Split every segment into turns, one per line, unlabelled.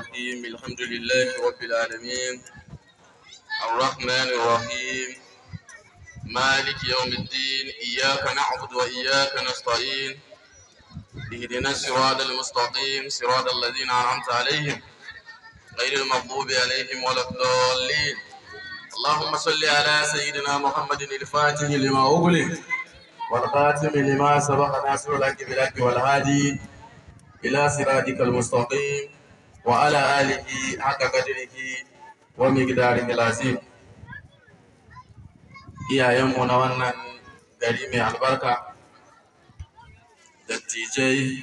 الرحيم الحمد لله رب العالمين الرحمن الرحيم مالك يوم الدين إياك
نعبد وإياك نستعين اهدنا الصراط المستقيم
صراط الذين أنعمت عليهم غير المغضوب عليهم ولا الضالين اللهم صل على سيدنا محمد الفاتح لما أغلق والخاتم لما سبق ناصر لك بالحق والهادي إلى صراطك المستقيم وعلى آله حق قدره ومقداره العظيم iyayenmu na wannan gari mai albarka dattijai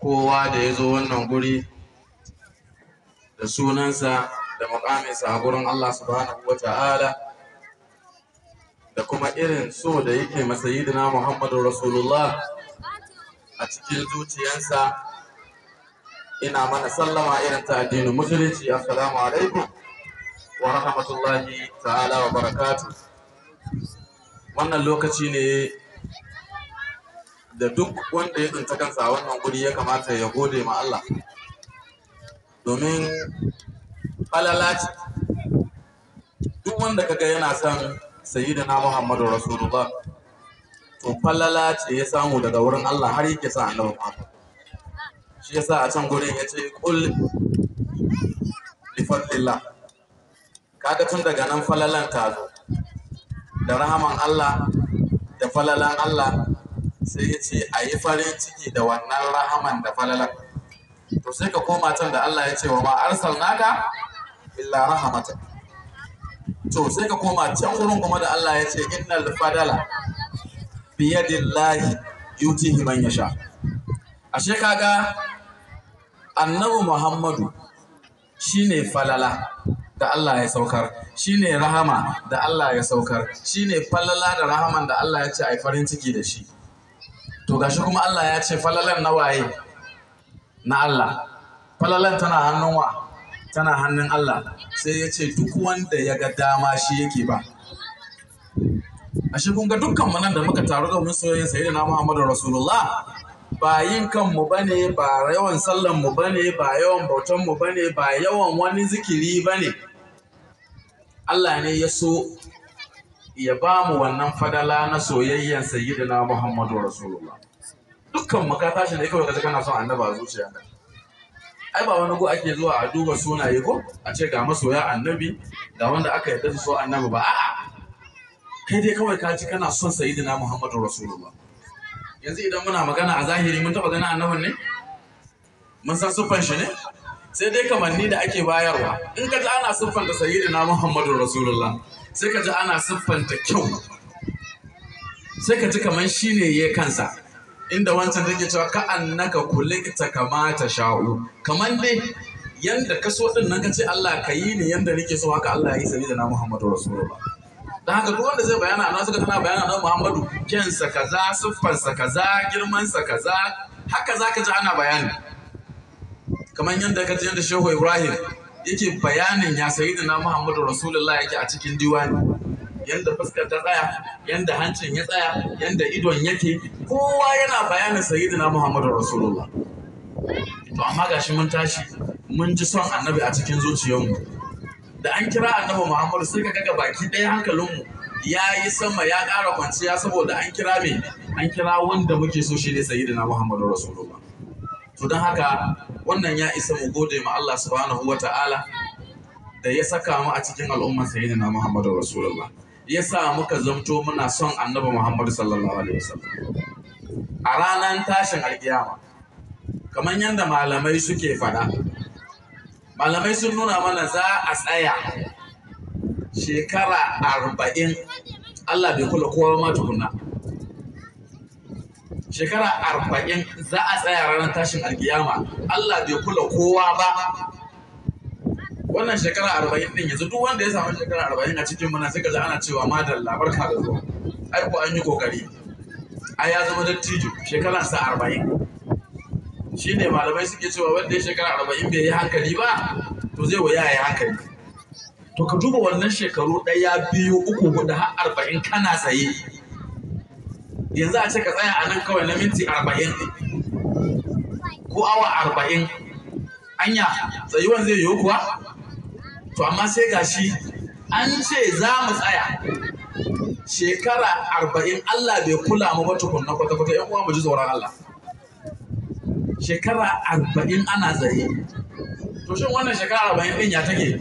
kowa da ya zo wannan guri da sunansa da mukaminsa a gurin Allah subhanahu wa ta'ala da kuma irin so da yake masayidina Muhammadu Rasulullah a cikin zuciyarsa ina mana sallama irin ta addinin musulunci assalamu alaikum wa rahmatullahi ta'ala wa barakatu wannan lokaci ne da duk wanda ya tsinta kansa a wannan guri ya kamata ya gode ma Allah domin falalaci duk wanda kaga yana son sayyidina Muhammadu Rasulullah to falalaci ya samu daga wurin Allah har yake sa annabi Muhammad shi yasa a can gurin ya ce kul lifadlillah kaga tun daga nan falalan ta zo da rahaman Allah da falalan Allah sai ya ce a yi farin ciki da wannan rahaman da falalan to sai ka koma can da Allah ya ce wa ma arsalnaka illa rahamata to sai ka koma can wurin kuma da Allah ya ce innal fadala biyadillahi yuti man yasha ashe kaga annabi Muhammadu shine falala da Allah ya saukar shine rahama da Allah ya saukar shine falala da rahaman da Allah ya ce a farin ciki da shi to gashi kuma Allah ya ce falalan na waye na Allah falalan tana hannun wa tana hannun Allah sai ya ce duk wanda ya ga dama shi yake ba ashe kun ga dukkan nan da muka taru domin soyayya na Muhammadu Rasulullah ba yin kanmu ba ne ba yawan sallanmu ba ne ba yawan bautanmu ba ne ba yawan wani zikiri ba ne Allah ne ya so ya ba mu wannan fadala na soyayyen sayyidina Muhammadu Rasulullah dukkan mu ka tashi da kawai kaje kana son annaba zuciya ai ba wani go ake zuwa a duba sunaye ko a ce ga masoya annabi ga wanda aka yarda su so annabi ba a'a kai dai kawai ka ji kana son sayyidina Muhammadu Rasulullah yanzu idan muna magana a zahiri mun taɓa ganin annabin ne mun san siffan shi ne sai dai kamanni da ake bayarwa in ka ji ana siffanta sayyidina muhammadu rasulullah sai ka ji ana siffanta kyau sai ka ji kamar shi ne ya kansa inda wancan take cewa ka annaka kulikta kama sha'u Kamar dai yanda ka so din nan ka ce Allah ka yi ni yanda nake so haka Allah ya yi na muhammadu rasulullah da haka duk wanda zai bayana na suka tana bayana na Muhammadu kensa kaza siffarsa kaza girmansa kaza haka zaka ji ana bayani kamar yadda ka ji yadda Shehu Ibrahim yake bayanin ya sayyidina Muhammadu Rasulullah yake a cikin diwani yanda fuskar ta tsaya yanda hancin ya tsaya yanda idon yake kowa yana bayanin sayyidina Muhammadu Rasulullah to amma gashi mun tashi mun ji son annabi a cikin zuciyarmu da an kira annabi muhammadu sai ka kaga baki ɗaya hankalinmu ya yi sama ya ƙara kwanciya saboda an kira me an kira wanda muke so shi ne sayyidina muhammadu rasulullah to don haka wannan ya isa mu gode ma Allah subhanahu wa ta'ala da ya saka mu a cikin al'ummar sayyidina muhammadu rasulullah ya sa muka zamto muna son annabi muhammadu sallallahu alaihi wasallam a ranar tashin alkiyama kamar yadda malamai suke faɗa malamai sun nuna mana za a tsaya shekara arba'in Allah bai kula kowa ma tukuna shekara arba'in za a tsaya ranar tashin alkiyama Allah bai kula kowa ba wannan shekara arba'in din yanzu duk wanda ya samu shekara arba'in a cikin muna sai ji ana cewa madalla labarka da zuwa ai ko an yi kokari ai ya zama dattijo shekara sa arba'in Shi ne malamai suke cewa wanda ya shekara arba'in bai yi hankali ba to zai wa yaya hankali to ka duba wannan shekaru ɗaya biyu uku hudu har arba'in kana tsaye yanzu a ce ka tsaya a nan kawai na minti arba'in ko awa arba'in anya tsayuwan zai yiwu kuwa to amma sai gashi an ce za mu tsaya shekara arba'in Allah bai kula mu ba tukunna kwata-kwata ‘yan uwa mu ji tsoron Allah. shekara arba'in ana zaye to shin wannan shekara arba'in din ya take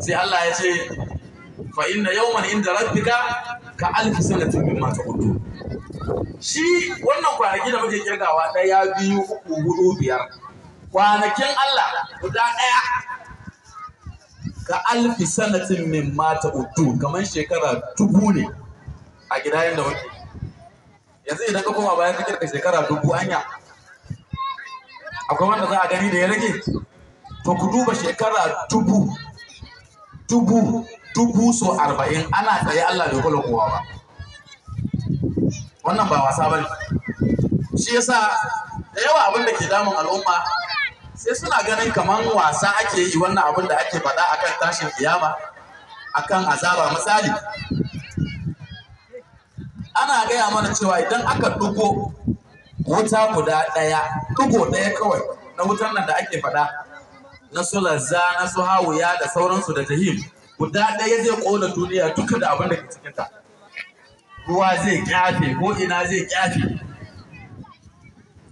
sai Allah ya ce fa inna yawman inda rabbika ka alfi sanatin ma taqulu shi wannan kwanaki da muke kirgawa ɗaya biyu uku hudu biyar kwanakin Allah guda ɗaya ka alfi sanatin min mata taqulu kamar shekara dubu ne a gida yadda muke yanzu idan ka koma bayan ka shekara dubu anya akwai wanda za a gani da ya rage to ku duba shekara dubu dubu dubu so arba'in ana tsaye Allah bai kula kowa ba wannan ba wasa ba ne. shi yasa da yawa abin da ke damun al'umma
sai suna ganin
kamar wasa ake yi wannan abin da ake faɗa akan tashin kiyama akan azaba misali ana gaya mana cewa idan aka dugo wuta guda ɗaya dugo ɗaya kawai na wutar nan da ake faɗa na su lazza na su hawuya da sauransu da jahim guda ɗaya zai ƙona duniya duka da abin da ke cikinta ruwa zai kyafe ko ina zai kyafe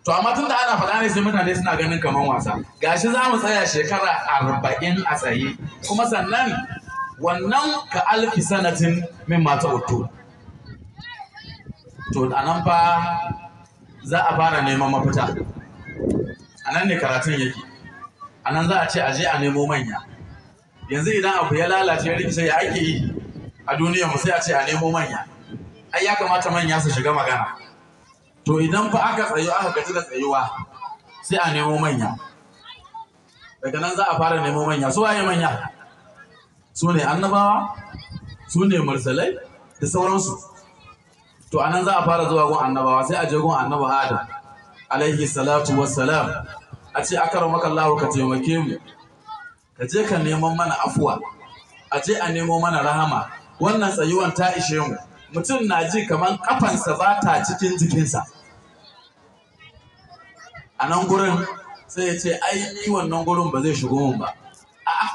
to amma tun da ana faɗa ne sai mutane suna ganin kamar wasa gashi za mu tsaya shekara arba'in a tsaye kuma sannan wannan ka alfi sanatin min mata to a nan za a fara neman mafita a nan ne karatun yake a nan za a ce a je a nemo manya yanzu idan abu ya lalace ya rikice ya ake yi a duniya mu sai a ce a nemo manya ai ya kamata manya su shiga magana to idan fa aka tsayo aka gaji da tsayuwa sai a nemo manya daga nan za a fara nemo manya su waye manya su ne annabawa su ne marsalai da sauransu to anan za a fara zuwa gun annabawa sai a je gun annabi adam alaihi salatu wassalam a ce akaramaka Allah ka taimake mu ka je ka neman mana afuwa a je a nemo mana rahama wannan tsayuwan ta ishe mu mutum na ji kamar kafansa ba ta cikin jikinsa a nan gurin sai ya ce ai ni wannan gurin ba zai shigo mun ba a'a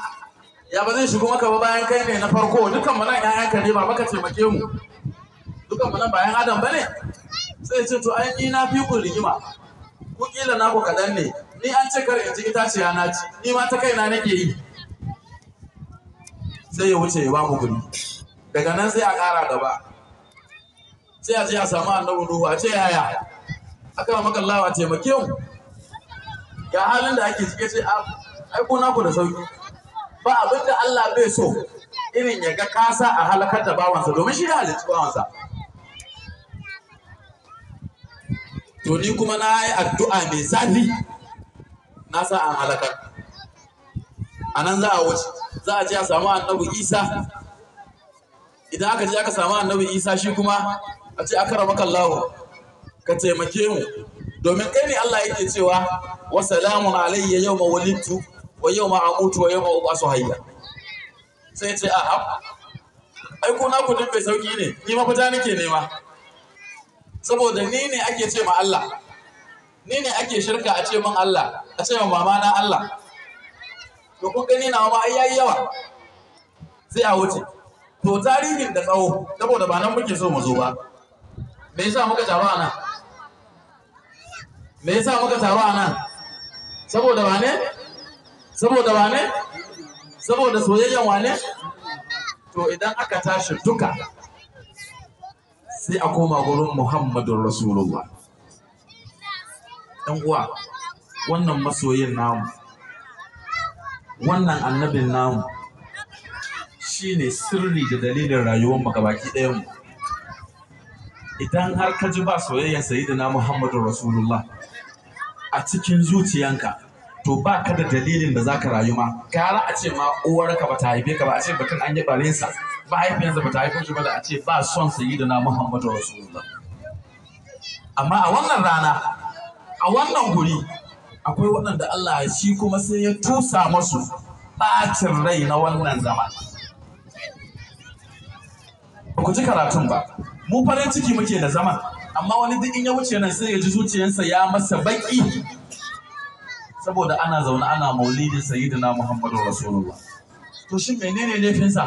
ya ba zai shigo maka ba bayan kai ne na farko dukan mana ka ne ba baka taimake mu dukan nan bayan adam bane sai ce to ni na fi ku rigima ku kila na ku kaɗan ne ni an ce kar in ji itace ya ni ma ta kaina nake yi sai ya wuce ya ba mu guri daga nan sai a kara gaba sai a ce a samu annabi nuhu a ce yaya aka maka Allah wa taimake mu ga halin da ake cike ce ai naku da sauki ba abin da Allah bai so irin ya ga kasa a halakar da bawansa domin shi ya halicci bawansa to ni kuma na yi addu'a mai zafi na sa an halakar a nan za a wuce za a ce a samu annabi isa idan aka ce aka samu annabi isa shi kuma a ce aka rama kallahu ka taimake mu domin kai ne Allah yake cewa wa salamun alayya ma walittu wa yau ma amutu wa yau ma ubasu hayya sai ce a'a ai ko na kudin bai sauki ne ni mafita nake nema saboda ni ne ake ce ma Allah ni ne ake shirka a ce min Allah a ce ma mama na Allah to kun gani na ma ayyayi yawa sai a wuce to tarihin da tsawo saboda ba nan muke so mu zo ba me yasa muka taru a nan me yasa muka taru a nan saboda ba ne saboda ba ne saboda soyayyen wane to idan aka tashi duka sai a koma gurin Muhammadun Rasulullah. ‘Yan uwa, wannan masoyin namu, wannan annabin namu, shi ne sirri da dalilin rayuwar magabaki gabaki ɗayan mu. Idan har ka ji ba soyayyar na Muhammadun Rasulullah a cikin zuciyanka, to ba ka da dalilin da za ka rayu ma gara a ce ma uwarka ba ta haife ka ba a ce batun an yi sa. ba haifiyansa ba ta haife shi ba da a ce ba son na Muhammadu Rasulullah amma a wannan rana
a wannan guri
akwai waɗanda Allah ya shi kuma sai ya tusa masu ɓacin rai na wannan zama ba ku ji karatun ba mu farin ciki muke da zaman amma wani duk in ya wuce nan sai ya ji zuciyarsa ya masa baki saboda ana zaune ana maulidin sayyidina Muhammadu Rasulullah to shi menene sa?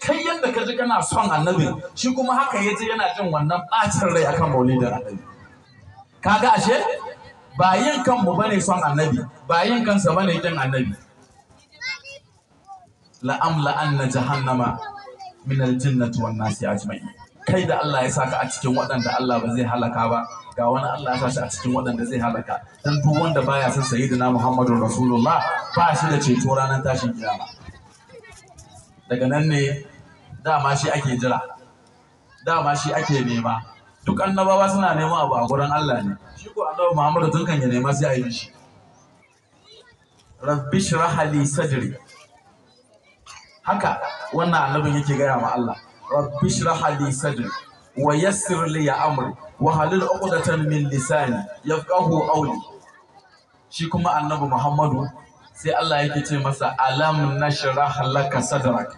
kai yadda ka ji kana son annabi shi kuma haka yaje yana jin wannan bacin rai akan maulidin annabi kaga ashe ba yin kanmu bane son annabi ba yin kansa bane kin annabi la'am la'anna jahannama min aljinnati wan nasi ajma'in kai da Allah ya saka a cikin waɗanda Allah ba zai halaka ba ga wani Allah ya sa a cikin waɗanda zai halaka dan duk wanda baya son sayyidina Muhammadu Rasulullah ba shi da ceto ranar tashin kiyama daga nan ne dama shi ake jira dama shi ake nema duk annabawa suna neman abu a gurin Allah ne shi ko annabi Muhammadu tun kan ya nema sai a yi shi rabbi shrah li sadri haka wannan annabin yake gaya ma Allah rabbi shrah li sadri wa yassir li ya amri wa halil uqdatan min lisani yafqahu qawli shi kuma annabi Muhammadu sai Allah yake ce masa alam nashrah laka sadrak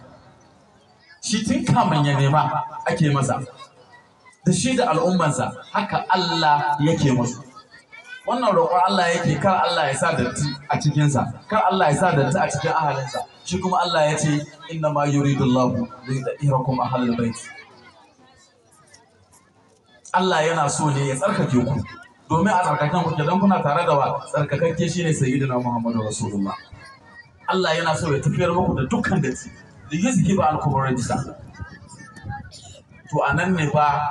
shi tun kaman ya nema ake masa da shi da al'ummansa haka Allah yake masa. wannan roƙon Allah yake kar Allah ya sa datti a cikinsa kar Allah ya sa datti a cikin ahalinsa shi kuma Allah ya ce inna ma yuridullahu li yudhhirakum ahlal bait Allah yana so ne ya tsarkake ku domin a tsarkakan ku idan kuna tare da wa tsarkakakke shine sayyidina Muhammadu Rasulullah Allah yana so ya tafiyar muku da dukkan datti da yizki ba alkubarin to anan ne ba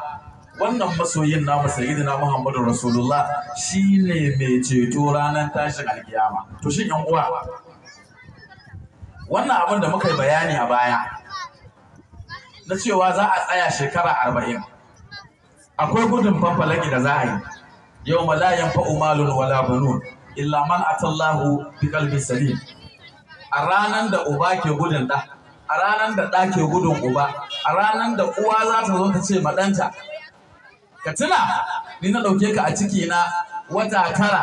wannan masoyin namu sayyidina Muhammadu Rasulullah shine mai ceto ranar tashin alkiyama to shin yan uwa wannan abin da muka yi bayani a baya na cewa za a tsaya shekara arba'in akwai gudun fanfalaki da za a yi yau ma la malun wala banun illa man atallahu bi qalbin salim a ranan da uba ke gudun da a ranan da da ke gudun uba a ranan da uwa za ta zo ta ce ma ɗanta ka tuna ni na ɗauke ka a ciki na wata tara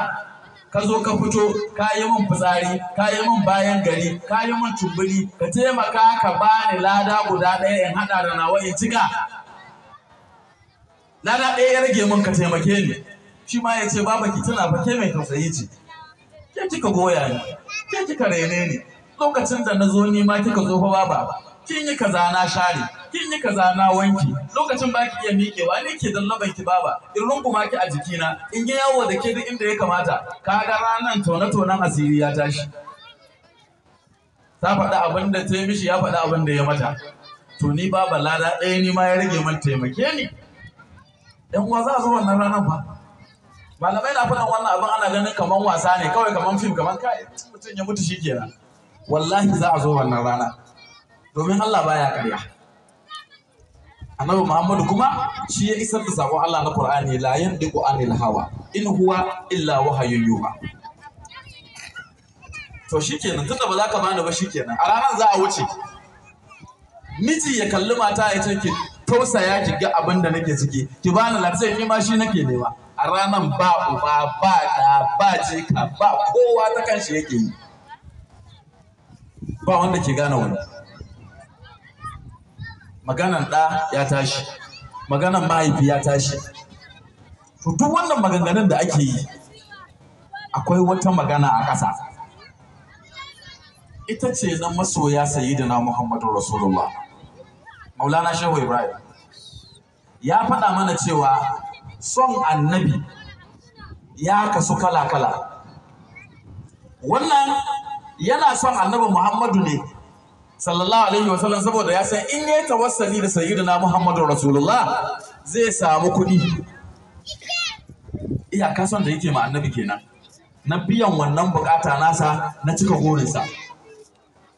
ka zo ka fito ka yi min fitsari ka yi min bayan gari ka yi min tumburi ka taimaka ka bani lada guda ɗaya in haɗa da nawa in cika lada ɗaya ya rage min ka taimake ni shi ma ya ce baba ki tana fa ke mai tausayi ce ke kika goya ni ke kika rene ni lokacin da na zo ni ma kika zo fa baba kin yi kaza na share kin yi kaza na wanki lokacin ba ki iya miƙewa ni ke dan laban ki baba in runguma ki a jikina in yi yawo da ke duk inda ya kamata kaga ranan tone-tonen asiri ya tashi ta faɗi abin da ta yi mishi ya faɗi abin da ya mata to ni baba lada ɗaya ni ma ya rage man taimake ni yan uwa za a zo wannan ranar fa malamai na faɗin wannan abin ana ganin kamar wasa ne kawai kamar fim kamar kai mutum ya mutu shi kenan wallahi za a zo wannan rana domin Allah baya karya annabi Muhammadu kuma shi ya isar da sako Allah na Qur'ani la yandiqu anil hawa in huwa illa wahayyun yuha to shikenan tunda ba za ka bani ba shikenan a ranar za a wuce miji ya kalli mata ya ce tausaya ki ga abin da nake ciki ki bani lafiya ni ma shi nake nema a ranan ba uba ba da ba jika ba kowa ta kan shi yake yi ba wanda ke gane wani maganan ɗa ya tashi maganan mahaifi ya tashi to duk wannan maganganun da ake yi akwai wata magana a ƙasa ita ce na masoya sayyidina muhammadu rasulullah maulana shehu ibrahim ya faɗa mana cewa son annabi ya kasu kala-kala wannan yana son annabi muhammadu ne sallallahu alaihi wasallam saboda ya san in ya tawassali da sayyidina muhammadu rasulullah zai samu kuɗi iyaka son da yake ma annabi kenan na biyan wannan bukata nasa na cika gorinsa.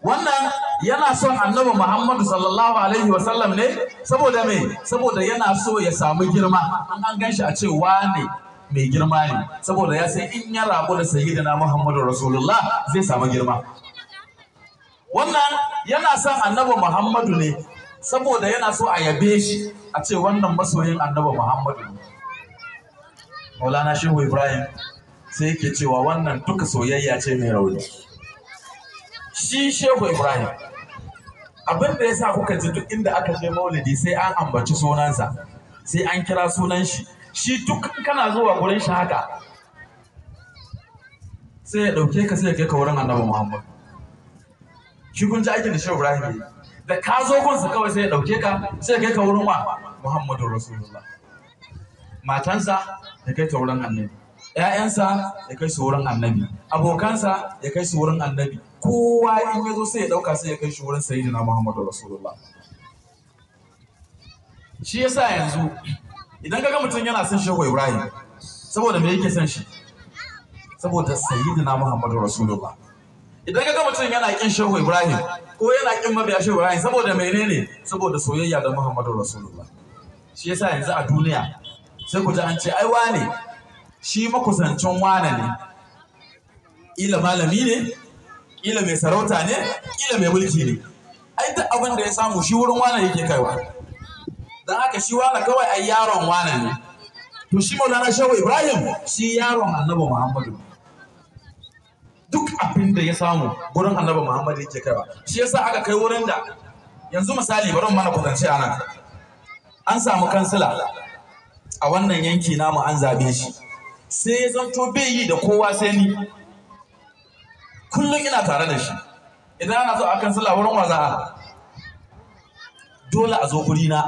wannan yana son annabi Muhammadu sallallahu alaihi wa ne saboda me saboda yana so ya samu girma an an ganshi a ce wane mai girma ne saboda ya san in ya rabu da sayyidina Muhammadu Rasulullah zai samu girma wannan yana son annabi Muhammadu ne saboda yana so a yabe shi a ce wannan masoyin annabi Muhammadu ne Maulana Shehu Ibrahim sai yake cewa wannan duka soyayya ce mai rauni shi shehu ibrahim abin da ya sa kuka ji duk inda aka je maulidi sai an ambaci sunansa sai an kira sunan shi shi duk kana zuwa gurin shi haka sai ya ɗauke ka sai ya kai ka wurin annabi muhammad shi kun ji aikin da shehu ibrahim ya yi da ka zo kunsa kawai sai ya ɗauke ka sai ya kai ka wurin wa muhammadu rasulullah matansa ya kai ta wurin annabi ‘ya'yansa ya kai su wurin annabi abokansa ya kai su wurin annabi kowa in ya zo sai ya ɗauka sai ya kai shi wurin sayyidina Muhammadu Rasulullah shi yasa yanzu idan kaga mutum yana son shehu Ibrahim saboda me yake son shi saboda sayyidina Muhammadu Rasulullah idan kaga mutum yana kin shehu Ibrahim ko yana kin mabiya shehu Ibrahim saboda menene saboda soyayya da Muhammadu Rasulullah shi yasa yanzu a duniya sai ku ji an ce ai wane shi makusancin wane ne ila malami ne Ƙila mai sarauta ne ƙila mai mulki ne ai duk abin da ya samu shi wurin wani yake kaiwa don haka shi wane kawai ai yaron wani ne to shi maulana shawo ibrahim shi yaron annabi muhammadu duk abin da ya samu wurin annabi muhammadu yake kaiwa shi yasa aka kai wurin da yanzu misali bari mana kwatance a nan an samu kansila a wannan yanki namu an zabe shi sai ya zanto bai yi da kowa sai ni kullum ina tare da shi idan ana so a kan sallah wurin waza dole a zo guri na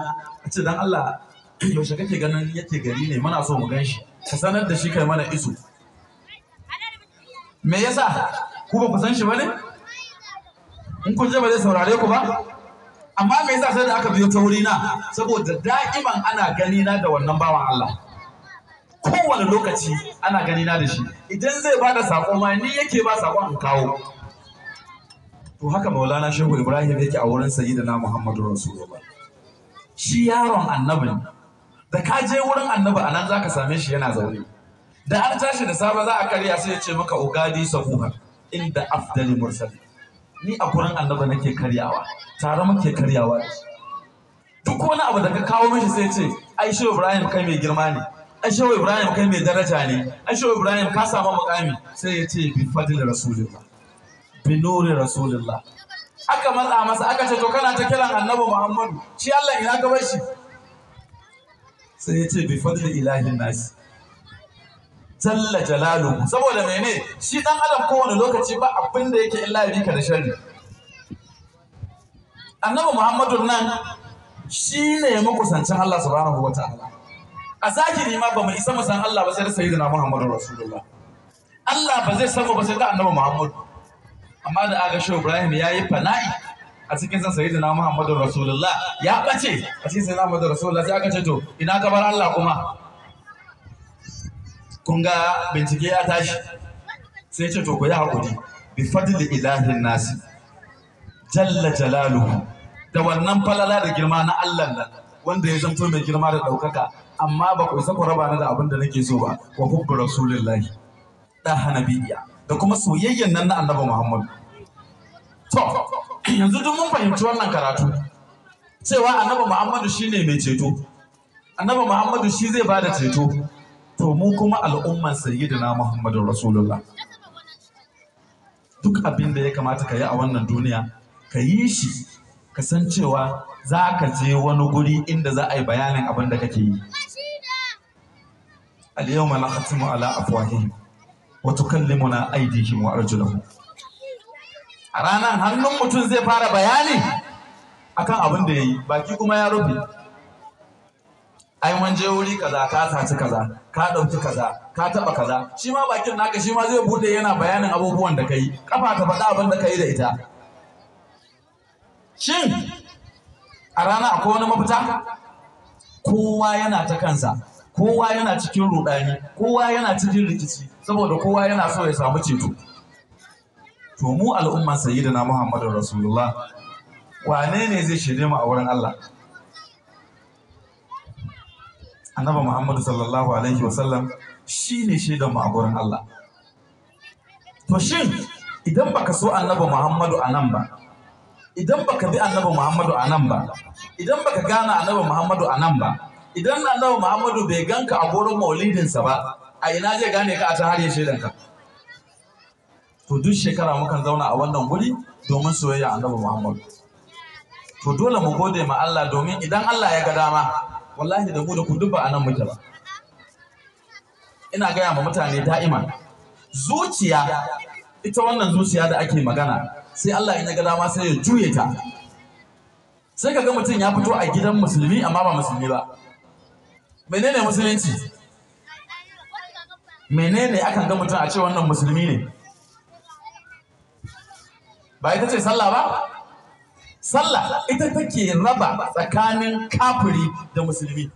a ce dan Allah yaushe kake ganin yake gari ne muna so mu gan shi ka sanar da shi kai mana iso me yasa ku ba ku san shi bane in kun je ba zai saurare ku ba amma me yasa sai da aka biyo ta wuri na saboda da'iman ana gani na da wannan bawan Allah kowane lokaci ana ganina da shi idan zai ba da saƙo ma ni yake ba saƙon in kawo to haka maulana shehu ibrahim yake a wurin sayyidina muhammadu rasulullah shi yaron annabi da ka je wurin annabi anan zaka same shi yana zaune da an tashi da safe za a karya sai ya ce maka ugadi safuha inda afdali mursal ni a gurin annabi nake karyawa tare muke karyawa duk wani abu da ka kawo mishi sai ce ai shehu ibrahim kai mai girma ne ashewa ibrahim kai mai daraja ne ashewa ibrahim ka samu mukami sai ya ce bi fadil rasulullah bi nuri rasulullah aka matsa masa aka ce to kana ta kiran annabi muhammadu shi allah ina ka bar shi sai ya ce bi fadil ilahin nasi jalla jalalu saboda mene shi dan adam kowane lokaci ba abin da yake illa bi ka da sharri annabi muhammadu nan shi ne makusancin allah subhanahu wataala a zahiri ma ba mu isa mu san Allah ba sai da sayyidina Muhammadu Rasulullah Allah ba zai san mu ba sai da annabi Muhammadu amma da aga shi Ibrahim ya yi fana'i a cikin san sayyidina Muhammadu Rasulullah ya bace a cikin sayyidina Muhammadu Rasulullah sai aka ce to ina ka bar Allah kuma kun ga bincike ya tashi sai ce to ku yi hakuri bi fadli ilahin nasi jalla jalaluhu da wannan falala da girma na Allah nan wanda ya zanto mai girma da ɗaukaka amma ba ku isa ku raba ni da abin da nake so ba wa hubbu rasulullahi da hanabiyya da kuma soyayyen nan na annabi muhammad to yanzu duk mun fahimci wannan karatu cewa annabi muhammadu shine mai ceto annabi muhammadu shi zai ba da ceto to mu kuma al'umman sayyidina muhammadu rasulullah duk abin da ya kamata ka yi a wannan duniya ka yi shi ka san cewa za ka je wani guri inda za a yi bayanin abin da kake yi اليوم نختم على أفواههم وتكلمنا أيديهم وأرجلهم ranar hannun mutum zai fara bayani akan abin da ya yi baki kuma ya rufe ai mun je wuri kaza ka saci kaza ka ɗauki kaza ka taɓa kaza shi ma bakin naka shi ma zai bude yana bayanin abubuwan da ka yi kafa ta faɗa abin da ka yi da ita shin a rana akwai wani mafita kowa yana ta kansa kowa yana cikin rudani kowa yana cikin rikici saboda kowa yana so ya samu ceto to mu al'umman sayyidina Muhammadu rasulullah wane ne zai shirye mu a wurin Allah annabi muhammadu sallallahu alaihi wasallam shi ne shaidan mu a wurin Allah to shin idan baka so annabi muhammadu a nan ba idan baka bi annabi muhammadu a nan ba idan baka gane annabi muhammadu a nan ba idan annabi muhammadu bai ganka a gurin maulidinsa ba a ina zai gane ka a ta har ya shaidanka to duk shekara mukan zauna a wannan guri domin soyayya annabi muhammadu to dole mu gode ma Allah domin idan Allah ya ga dama wallahi da mu da ku duk ba anan muke ba ina gaya ma mutane da'ima zuciya ita wannan zuciya da ake magana sai Allah ya ga dama sai ya juye ta sai ka ga mutum ya fito a gidan musulmi amma ba musulmi ba menene musulunci menene akan ga mutum a ce wannan musulmi ne ba ita ce sallah ba sallah ita take raba tsakanin kafiri da musulmi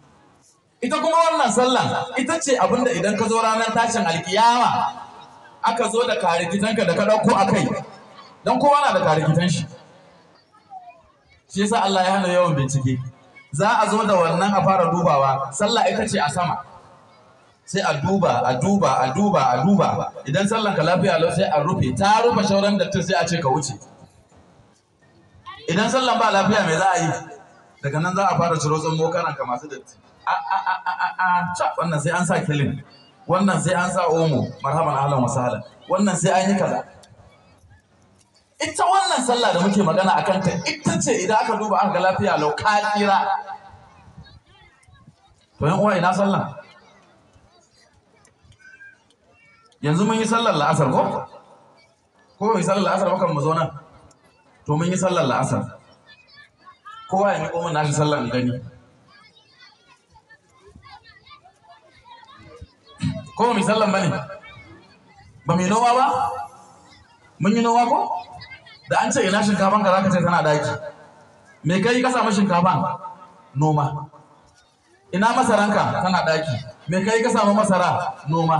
ita kuma wannan sallah ita ce abinda idan ka zo ranar tashin alkiyama aka zo da karikitanka da ka ɗauko a kai don kowa na da karikitan shi shi yasa Allah ya hana yawan bincike za a zo da wannan a fara dubawa sallah ita ce a sama sai a duba a duba a duba a duba idan sallan ka lafiya lau sai a rufe ta rufe shauran da sai a ce ka wuce idan sallan ba lafiya mai za a yi daga nan za a fara ciro karan ka masu datti a a a a a wannan sai an sa kilin wannan sai an sa omo marhaban ahlan wa sahlan wannan sai an yi kaza ita wannan sallah da muke magana a kanta ita ce idan aka duba aka ga lafiya lau ka to yan uwa ina sallah yanzu mun yi sallar la'asar ko ko mun yi sallar la'asar ba kan mu zo nan to mun yi sallar la'asar kowa ya miƙo mun nashi sallar gani ko mun yi sallar bane ba mu yi nowa ba mun yi nowa ko da an ce ina shinkafan ka zaka ce tana daki me kai ka samu shinkafan noma ina masaranka tana daki me kai ka samu masara noma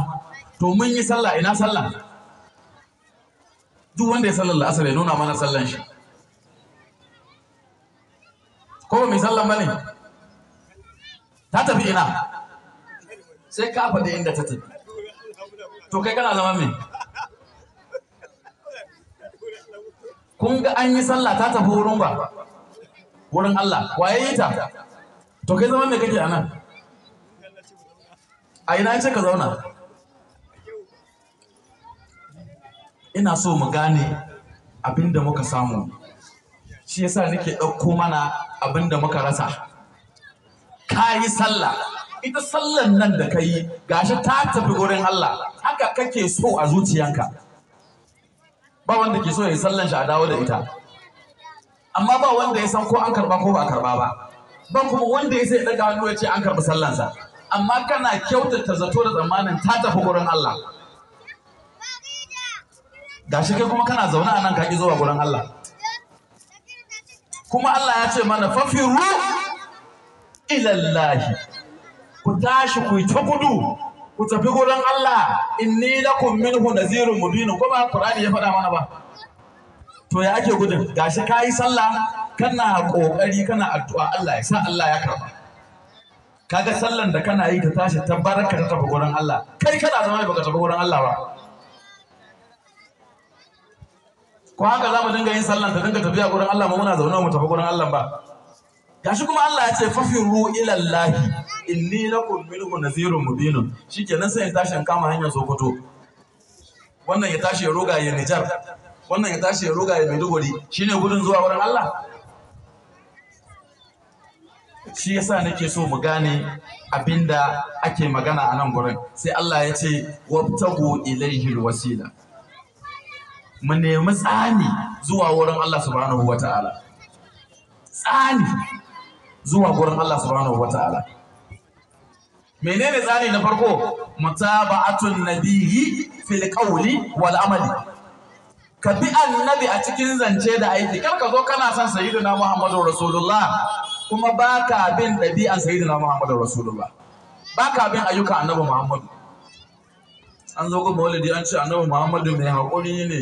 to mun yi sallah ina sallah duk wanda ya sallar la'asar ya nuna mana sallan shi ko mai sallan bane ta tafi ina sai ka faɗi inda ta tafi to kai kana zama mai kun ga an yi sallah ta tafi wurin ba wurin Allah waye yi ta to kai zama mai kake a nan a ina ce ka zauna ina so mu gane abinda muka samu shi yasa nake ɗauko mana abinda muka rasa ka yi sallah ita sallan nan da ka yi gashi ta tafi wurin Allah haka kake so a zuciyanka ba wanda ke so ya sallan shi a dawo da ita amma ba wanda ya san ko an karba ko ba a karba ba ba kuma wanda ya sai ya daga hannu ya ce an karbi sallansa amma kana kyautata zato da tsammanin ta tafi gurin Allah shi kai kuma kana zaune a nan ka ki zuwa gurin Allah kuma Allah ya ce mana fafiru ilallahi ku tashi ku yi ta gudu ku tafi gurin Allah inni lakum minhu nazirun mubin ko ba Qur'ani ya faɗa mana ba to ya ake gudun gashi kai sallah kana kokari kana addu'a Allah ya sa Allah ya karba kaga sallan da kana yi ta tashi ta ka ta tafi gurin Allah kai kana zama baka tafi gurin Allah ba ko haka za mu dinga yin sallan ta dinga tafiya gurin Allah mu muna zaune mu tafi gurin Allah ba gashi kuma Allah ya ce fafiru ila ilallahi, inni lakum minhu nazirun mubin shikenan sai ya tashi kama hanyar Sokoto wannan ya tashi ya roga ya Nijar wannan ya tashi ya roga ya Maiduguri shine gudun zuwa wurin Allah shi yasa nake so mu gane abinda ake magana a nan gurin sai Allah ya ce wabtagu ilaihi wasila mu nemi tsani zuwa wurin Allah subhanahu wataala tsani zuwa gurin Allah subhanahu ta'ala. menene tsari na farko mutaba'atun nabiyyi fil qawli wal amali ka bi annabi a cikin zance da aiki kar ka zo kana son sayyidina muhammadu rasulullah kuma baka bin ɗabi'an sayyidina muhammadu rasulullah baka bin ayyukan annabi muhammadu an zo gurin maulidi an ce annabi muhammadu mai haƙuri ne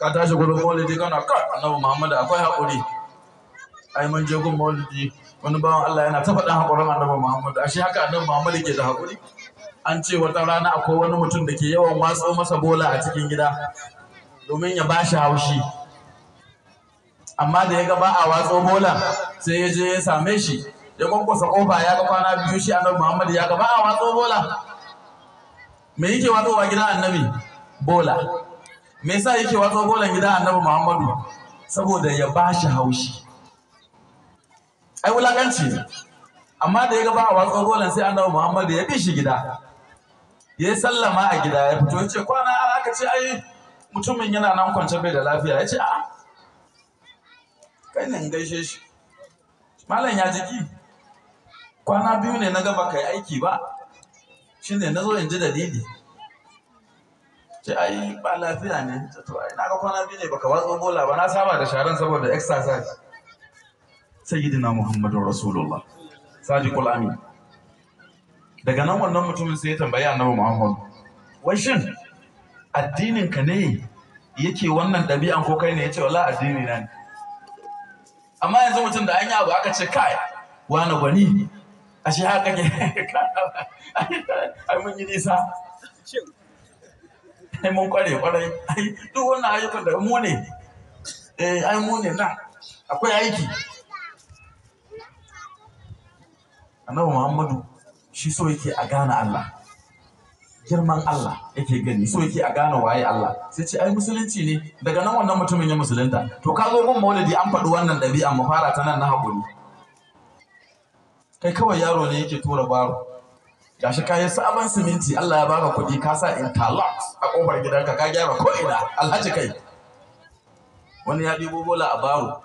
ka tashi gurin maulidi kana kar annabi muhammadu akwai haƙuri ai mun je gun maulidi wani bawan Allah yana ta faɗin haƙurin annabi Muhammad ashe haka annabi Muhammad ke da haƙuri an ce wata rana akwai wani mutum da ke yawan watsa masa bola a cikin gida domin ya bashi haushi amma da ya ga ba a watsa bola sai ya je ya same shi ya kwankwasa kofa ya ga kwana biyu shi annabi Muhammad ya ga ba a watsa bola me yake wa gidan annabi bola me yasa yake watsa bolan gidan annabi Muhammadu saboda ya bashi haushi ai wulakanci ne amma da ya gaba a watsan golan sai annabi muhammadu ya bi shi gida ya yi sallama a gida ya fito ya ce kwana aka ce ai mutumin yana nan kwance bai da lafiya ya ce a kai ne gaishe shi malam ya jiki kwana biyu ne na gaba kai aiki ba shine na zo in ji dalili ce ai ba lafiya ne to ai na ga kwana biyu ne baka watsa bola ba na saba da sharan saboda exercise sayyidina muhammadun rasulullah saji kulami daga nan wannan mutumin sai ya tambayi annabi muhammad wai shin addinin ka ne yake wannan ɗabi'an ko kai ne yace wala addini na ne amma yanzu mutum da an yi abu aka ce kai wani gwani a shi haka ne ai mun yi nisa ai mun kware kwarai ai duk wannan ayyukan da mu ne eh ai mu ne na. akwai aiki annabi muhammadu shi so yake a gane Allah girman Allah yake gani so yake a gane waye Allah sai ce ai musulunci ne daga nan wannan mutumin ya musulunta to ka zo gun maulidi an faɗi wannan ɗabi'a mu fara ta nan na hakuri. kai kawai yaro ne yake tura baro gashi ka yi sabon siminti Allah ya baka kuɗi ka sa interlock a ƙofar gidanka ka gyara ko ina alhaji kai wani ya ɗibo bola a baro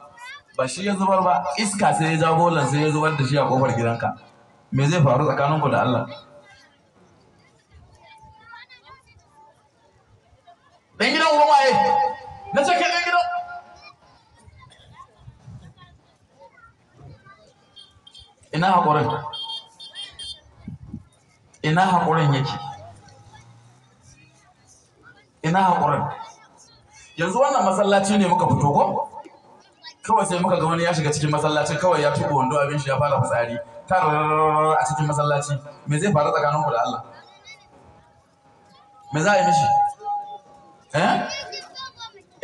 ba shi ya zubar ba iska sai ya ja bolan sai ya zubar da shi a ƙofar gidanka me zai faru tsakaninku da Allah Ɗan gidan uban waye na ce kai gidan ina haƙurin ina haƙurin yake ina haƙurin yanzu wannan masallaci ne muka fito ko kawai sai muka ga wani ya shiga cikin masallacin kawai ya tuko wando abin shi ya fara fitsari tar a cikin masallaci me zai faru tsakanin ku da Allah me za a yi mishi eh?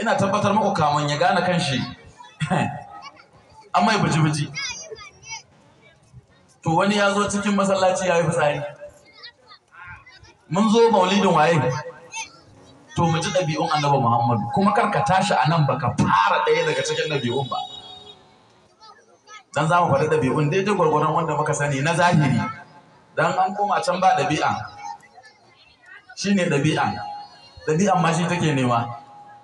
ina tabbatar muku kamun ya gane kanshi amma ya buji-buji to wani ya zo cikin masallaci ya yi fitsari mun zo maulidin waye to mu ji ɗabi'un annabi muhammadu kuma kar ka tashi a nan baka fara ɗaya daga cikin ɗabi'un ba dan za mu faɗi ɗabi'un daidai gwargwaron wanda muka sani na zahiri dan an koma can ba ɗabi'a shine ɗabi'a ɗabi'an ma shi take nema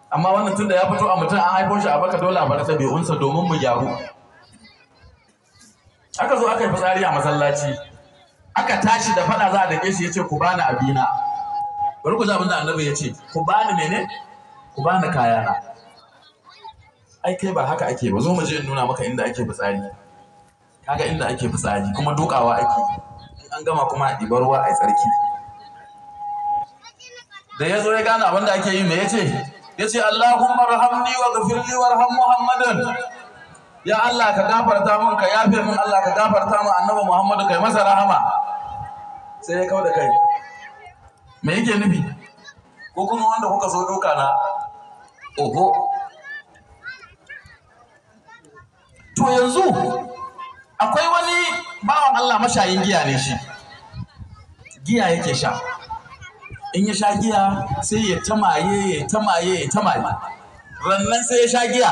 amma wannan tunda ya fito a mutum an haifo shi a baka dole a bar ɗabi'unsa domin mu gyaru aka zo aka yi fitsari a masallaci aka tashi da faɗa za a dake shi yace ku bani abina bari ku ji da annabi ya ce ku bani mene ku bani kayana ai kai ba haka ake ba zo mu je in nuna maka inda ake fitsari kaga inda ake fitsari kuma dukawa ake in an gama kuma a ɗibar ruwa a tsarki da ya zo ya gane abin da ake yi me ya ce ya ce Allahumma rahamni wa ghafirli warham Muhammadan
ya Allah ka gafarta min ka yafe min Allah ka gafarta
min annabi Muhammadu kai masa rahama sai ya kawo da kai me yake nufi ko kuma wanda kuka so doka na oho to yanzu akwai wani bawan Allah mashayin giya ne shi giya yake sha in ya sha giya sai ya tamaye ya tamaye ya tamaye rannan sai ya sha giya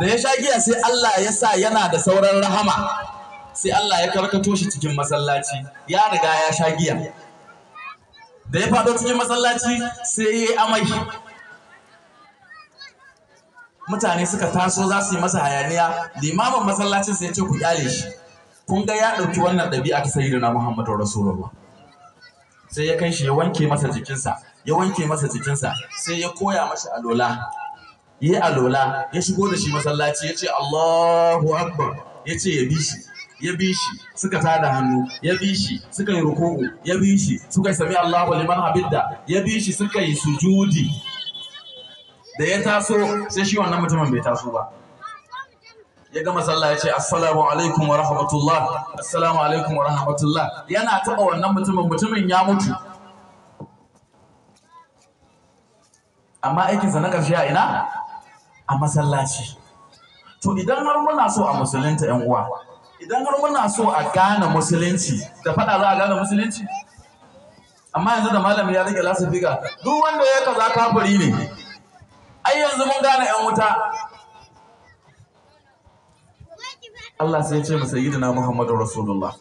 da ya sha giya sai Allah ya sa yana da sauran rahama sai Allah ya karkato shi cikin masallaci ya riga ya sha giya da ya faɗo cikin masallaci sai ya yi amai mutane suka taso za su yi masa hayaniya limamin masallacin sai ce ku kyale shi kun ga ya ɗauki wannan ɗabi'a ta sayi na Muhammadu Rasulullah sai ya kai shi ya wanke masa jikinsa ya wanke masa jikinsa sai ya koya masa alola yi alola ya shigo da shi masallaci ya ce Allahu Akbar ya ce ya bi shi ya bi shi suka tada hannu ya bi shi suka yi ruku'u ya bi shi suka yi sami Allahu liman habidda ya bi shi suka yi sujudi da ya taso sai shi wannan mutumin bai taso ba ya gama sallah ya ce assalamu alaikum wa rahmatullah assalamu alaikum wa rahmatullah yana taba wannan mutumin mutumin ya mutu amma aikinsa na ƙarshe a ina a masallaci to idan har muna so a musulunta yan uwa idan har muna so a gane musulunci da faɗa za a gane musulunci amma yanzu da malami ya rike lasa lasafiga duk wanda ya kaza kafiri ne ai yanzu mun gane yan wuta Allah sai ya ce masa yidina Muhammadu Rasulullah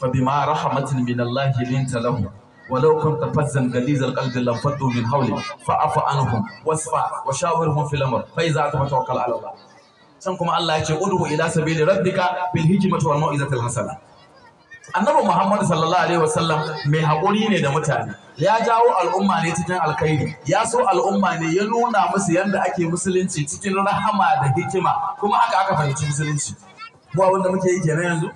fa bima rahmatin min Allah linta lahu ولو كنت فزا غليظ القلب لانفضوا من حولك فاعف عنهم واسمع وشاورهم في الامر فاذا عتب توكل على الله can kuma Allah ya ce ud'u ila sabili rabbika bil hikmati wal mau'izati al hasana annabi muhammad sallallahu alaihi wasallam mai haƙuri ne da mutane ya jawo al'umma ne cikin alkhairi ya so al'umma ne ya nuna musu yadda ake musulunci cikin rahama da hikima kuma haka aka fahimci musulunci mu wanda muke yi kenan yanzu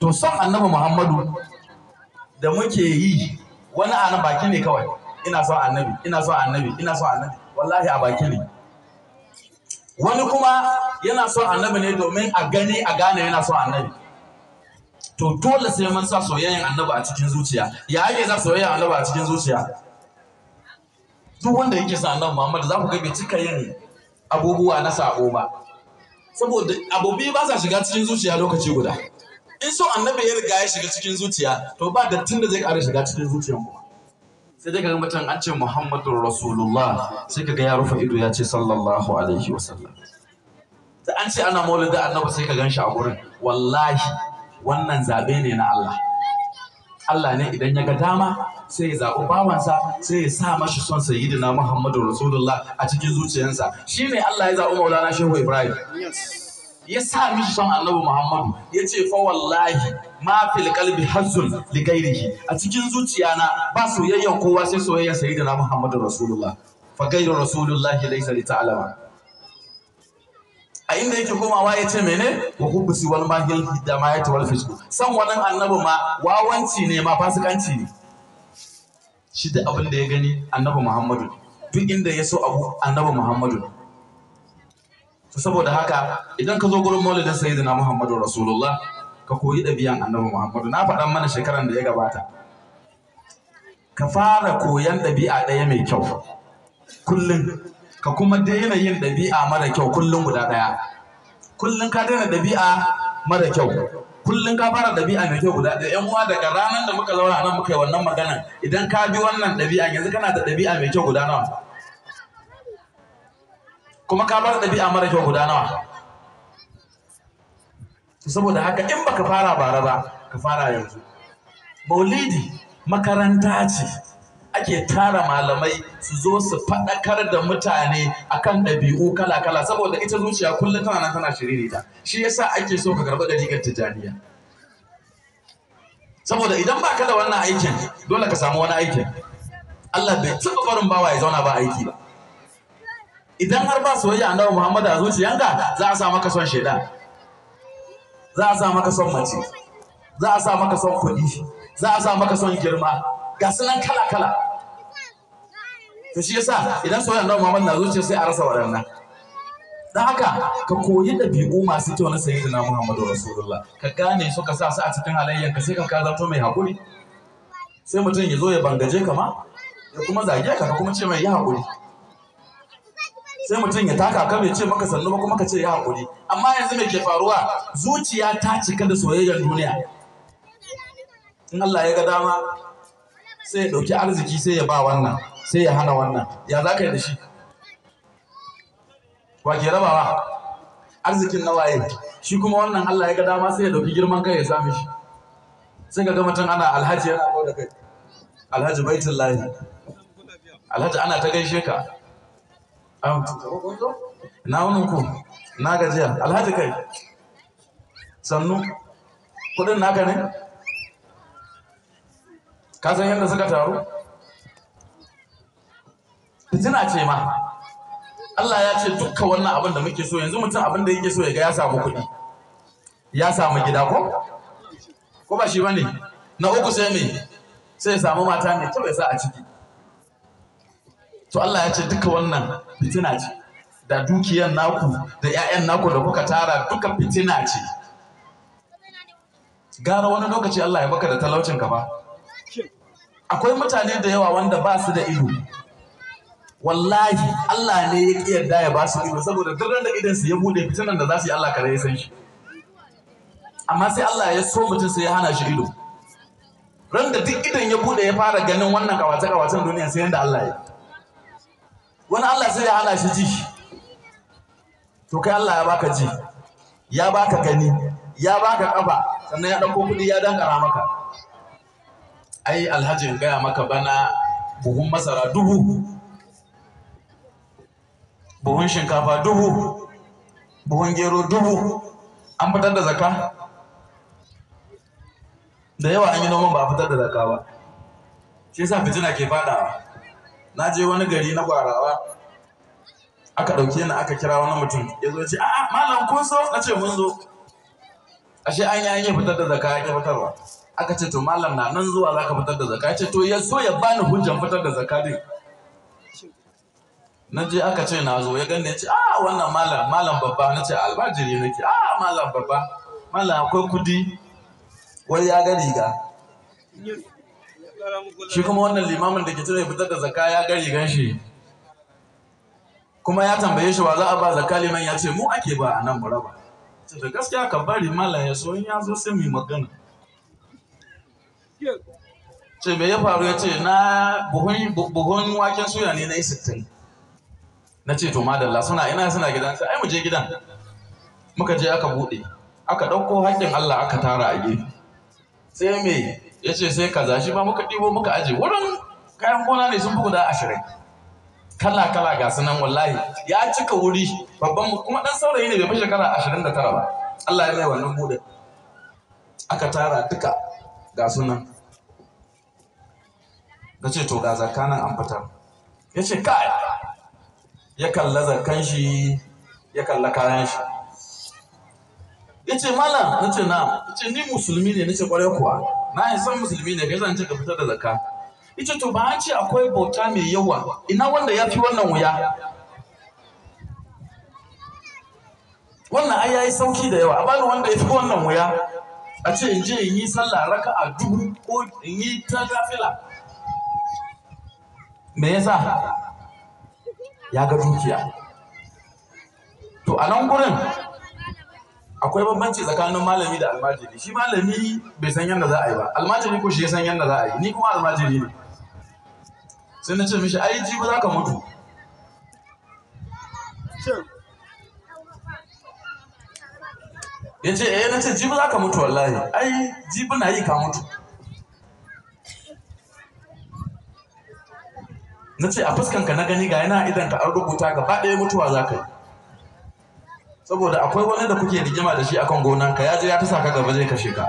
to son annabi muhammadu da muke yi wani anan baki ne kawai ina son annabi ina son annabi ina son annabi wallahi a baki ne wani kuma yana son annabi ne domin a gani a gane yana son annabi to dole sai mun sa soyayyen annabi a cikin zuciya ya ake sa soyayyen annabi a cikin zuciya duk wanda yake sa annabi Muhammad za ku ga bai cika yin abubuwa na sabo ba saboda abubi ba sa shiga cikin zuciya lokaci guda in so annabi ya riga ya shiga cikin zuciya to ba dattin da zai ƙara shiga cikin zuciyan ku sai dai kaga mutum an ce Muhammadur Rasulullah sai kaga ya rufe ido ya ce sallallahu alaihi wasallam da an ce ana maulidin annabi sai ka gan shi a gurin wallahi wannan zaɓe ne na Allah Allah ne idan ya ga dama sai ya zaɓi bawansa sai ya sa mashi son sayyidina Muhammadu Rasulullah a cikin zuciyarsa ne Allah ya zaɓi Maulana Shehu Ibrahim ya sa mishi son Annabi Muhammadu ya ce fa wallahi ma fil kalbi hazzun li a cikin zuciyana ba soyayyan kowa sai soyayyan sayyidina Muhammadu Rasulullah fa ghairu Rasulullah laisa li alama. a inda yake komawa ya ce mene wa wani wal mahil da ma ya tawal fisku san wannan annabi ma wawanci ne ma fasikanci ne shi da abin da ya gani annabi Muhammadu duk inda ya so abu annabi Muhammadu saboda haka idan ka zo gurin maulidin sayyidina Muhammadu Rasulullah ka koyi ɗabi'an annabi Muhammadu na faɗan mana shekaran da ya gabata ka fara koyan ɗabi'a ɗaya mai kyau kullum ka kuma daina yin ɗabi'a mara kyau kullum guda ɗaya kullum ka daina ɗabi'a mara kyau kullum ka fara ɗabi'a mai kyau guda ɗaya yan uwa daga ranar da muka zauna nan muka yi wannan magana idan ka bi wannan ɗabi'a yanzu kana da ɗabi'a mai kyau guda nawa kuma ka bar ɗabi'a mara kyau guda nawa saboda haka in baka fara bara ba ka fara yanzu maulidi makaranta ce ake tara malamai su zo su faɗakar da mutane akan ɗabi'u kala-kala saboda ita zuciya kullum tana nan tana ta, shi yasa ake so ka karɓi ɗariƙar tijjaniya saboda idan ba ka da wannan aikin dole ka samu wani aikin Allah bai taɓa barin bawa ya zauna ba aiki ba idan har ba soyayya annabi Muhammad a zuciyanka za a sa maka son shaida za a sa maka son mace za a sa maka son kuɗi za a sa maka son girma ga sunan kala kala to shi yasa idan soyayyar na Muhammad na zuciya sai a rasa waɗannan don haka ka koyi ɗabi'u masu kyau na na Muhammadu Rasulullah ka gane su ka sa su a cikin halayyar ka sai ka ka zato mai hakuri sai mutum ya zo ya bangaje ka ma ya kuma zage ka ka kuma ce mai ya hakuri sai mutum ya taka ka mai ce maka sannu ba kuma ka ce ya hakuri amma yanzu me ke faruwa zuciya ta cika da soyayyar duniya in Allah ya ga dama sai ya ɗauki arziki sai ya ba wannan sai ya hana wannan ya za ka yi da shi wa ke rabawa arzikin na waye shi kuma wannan Allah ya ga dama sai ya ɗauki girman kai ya sami shi sai ka ga mutum ana alhaji yana da kai alhaji baitin layi alhaji ana ta gaishe ka na wani ku na gajiya alhaji kai sannu kuɗin naka ne ka san yadda suka taru fitina ce ma Allah ya ce dukka wannan abin da muke so yanzu mutum abin da yake so ya ga ya samu kuɗi ya samu gida ko ko ba shi bane na uku sai me sai ya samu mata ne, kyau ya sa a ciki to Allah ya ce duka wannan fitina ce da dukiyar naku da 'ya'yan naku da kuka tara duka fitina ce gara wani lokaci Allah ya baka da talaucin ka ba akwai mutane da yawa wanda ba su da ido wallahi Allah ne ya ƙi yarda ya ba su ido saboda duk da idan su ya bude fitinan da za su yi Allah kare ya san shi amma sai Allah ya so mutum sai ya hana shi ido ran da duk idan ya bude ya fara ganin wannan kawace kawacen duniya sai yanda Allah ya wani Allah sai ya hana shi ji to kai Allah ya baka ji ya baka gani ya baka kafa sannan ya ɗauko kuɗi ya dankara maka ai alhajin gaya maka bana buhun masara dubu buhun shinkafa dubu buhun gero dubu an fitar da zaka da yawa an yi noman ba a fitar da zaka ba shi yasa fitina ke fadawa na je wani gari na gwarawa aka ɗauke ni aka kira wani mutum ya zo ce a'a malam kun so na ce mun zo ashe an yi an yi fitar da zaka ya fitarwa aka ce to malam na nan zuwa zaka fitar da zakka ce to ya so ya bani hujjan fitar da zakka din na je aka ce na zo ya ganne ce a ah, wannan malam malam babba na ce albajiri nake a ah, malam babba malam akwai kudi wai ya ga riga shi kuma wannan limamin da ke tuna fitar da zakka ya ga rigan shi kuma ya tambaye shi wa za a ba zakka liman ya ce mu ake ba a nan mu raba gaskiya ka bari malam ya so in ya zo sai mu yi magana ce me ya faru ya ce na buhun waken suya ne na yi sittin na ce to madalla suna ina suna gidan sai ai mu je gidan muka je aka buɗe aka ɗauko haƙƙin Allah aka tara a gefe sai me ya ce sai kaza shi ba muka ɗibo muka aje wurin kayan gona ne sun fi guda ashirin kala kala ga sunan wallahi ya cika wuri babban kuma ɗan saurayi ne bai fi shekara ashirin da tara ba Allah ya mai wannan buɗe aka tara duka ga sunan na ce to ga zakka nan an fitar ya ce kai ya kalla zakan shi ya kalla kayan shi ya ce malam na ce na ya ce ni musulmi ne na ce kwarai kuwa na yi san musulmi ne kai zan ce ka fitar da zakka ya ce to ba an ce akwai bauta mai yawa ina wanda ya fi wannan wuya wannan ai ya yi sauki da yawa a bani wanda ya fi wannan wuya a ce in je in yi sallah raka a dubu ko in yi ta gafila me yasa ya ga dukiya to a nan gurin akwai bambanci tsakanin malami da almajiri shi malami bai san yadda za a yi ba almajiri ko shi ya san yadda za a yi ni kuma almajiri ne sai na ce mishi ai jibi za ka mutu ya ce eh na ce jibi za ka mutu wallahi ai jibi na yi ka mutu na ce a fuskanka na gani ga yana idan ka an rubuta gaba ɗaya mutuwa za ka yi saboda akwai wani da kuke rigima da shi akan gonanka ya je ya ta ka gaba zai kashe ka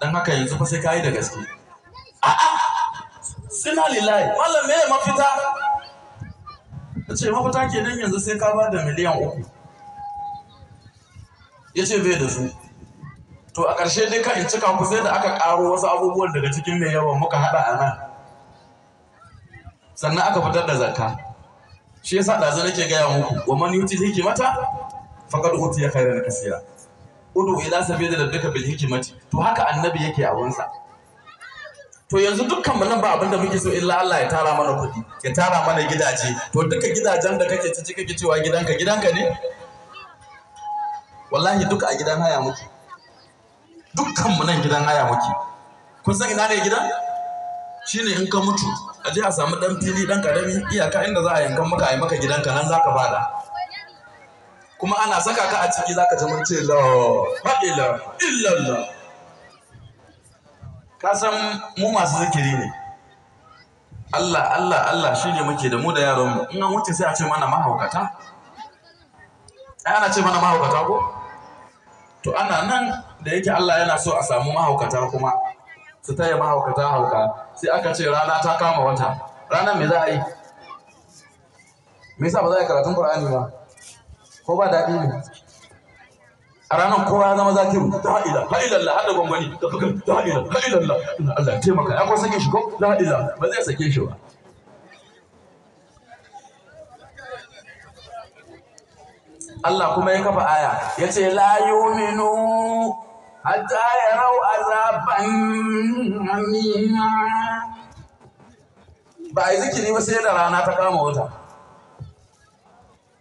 dan haka yanzu fa sai ka yi da gaske a'a sina lillahi malam me mafita na ce mafita nan yanzu sai ka ba da miliyan uku ya ce bai da su to a ƙarshe dai kan in cika ku sai da aka ƙaro wasu abubuwan daga cikin mai yawan muka haɗa a nan sannan aka fitar da zakka shi yasa ɗazu nake gaya muku wa man yuti hikimata faqad da khairan siya. udu ila da daddaka bil hikimati to haka annabi yake a wansa to yanzu dukkan mu nan ba abinda muke so illa Allah ya tara mana kuɗi ya tara mana gidaje to duka gidajen da kake ciki kake cewa gidanka gidanka ne wallahi duka a gidan haya muke dukkan mu nan gidan haya muke kun san ina ne gidan shine in ka mutu a je a samu dan fili dan karami iyaka inda za a yankan maka a yi maka gidanka nan zaka fada kuma ana saka ka a ciki zaka ji mun ce la illa illallah ka san mu masu zikiri ne Allah Allah Allah shine muke da mu da yaron mu in an wuce sai a ce mana mahaukata ai ana ce mana mahaukata ko to ana nan da yake Allah yana so a samu mahaukata kuma su taya mahaukata hauka sai aka ce rana ta kama wata rana me za a yi me yasa ba za a yi karatun Qur'ani ba ko ba daɗi ne a ranar kowa ya zama zakiru la ila la ila la hada gwangwani la ila la ila Allah ya taimaka ya ko sake shi ko la ila ba zai sake shi ba Allah kuma ya kafa aya ya ce la yuminu hatta rau azaban amina ba a yi zikiri ba sai da rana ta kama wata.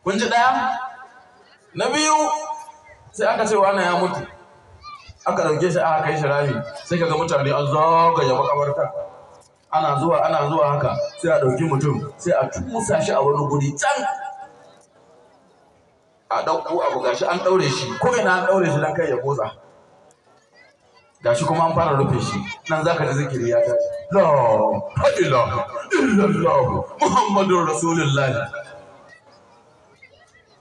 kun ji ɗaya na biyu sai aka ce wani ya mutu aka ɗauke shi aka kai shi rami sai ka ga mutane an zagaya makabarta ana zuwa ana zuwa haka sai a ɗauki mutum sai a tusa shi a wani guri can a ɗauko abu gashi an ɗaure shi ko ina an ɗaure shi dan kai ya motsa gashi kuma an fara rufe shi nan zaka da zikiri ya tashi la ilaha illallah muhammadur rasulullah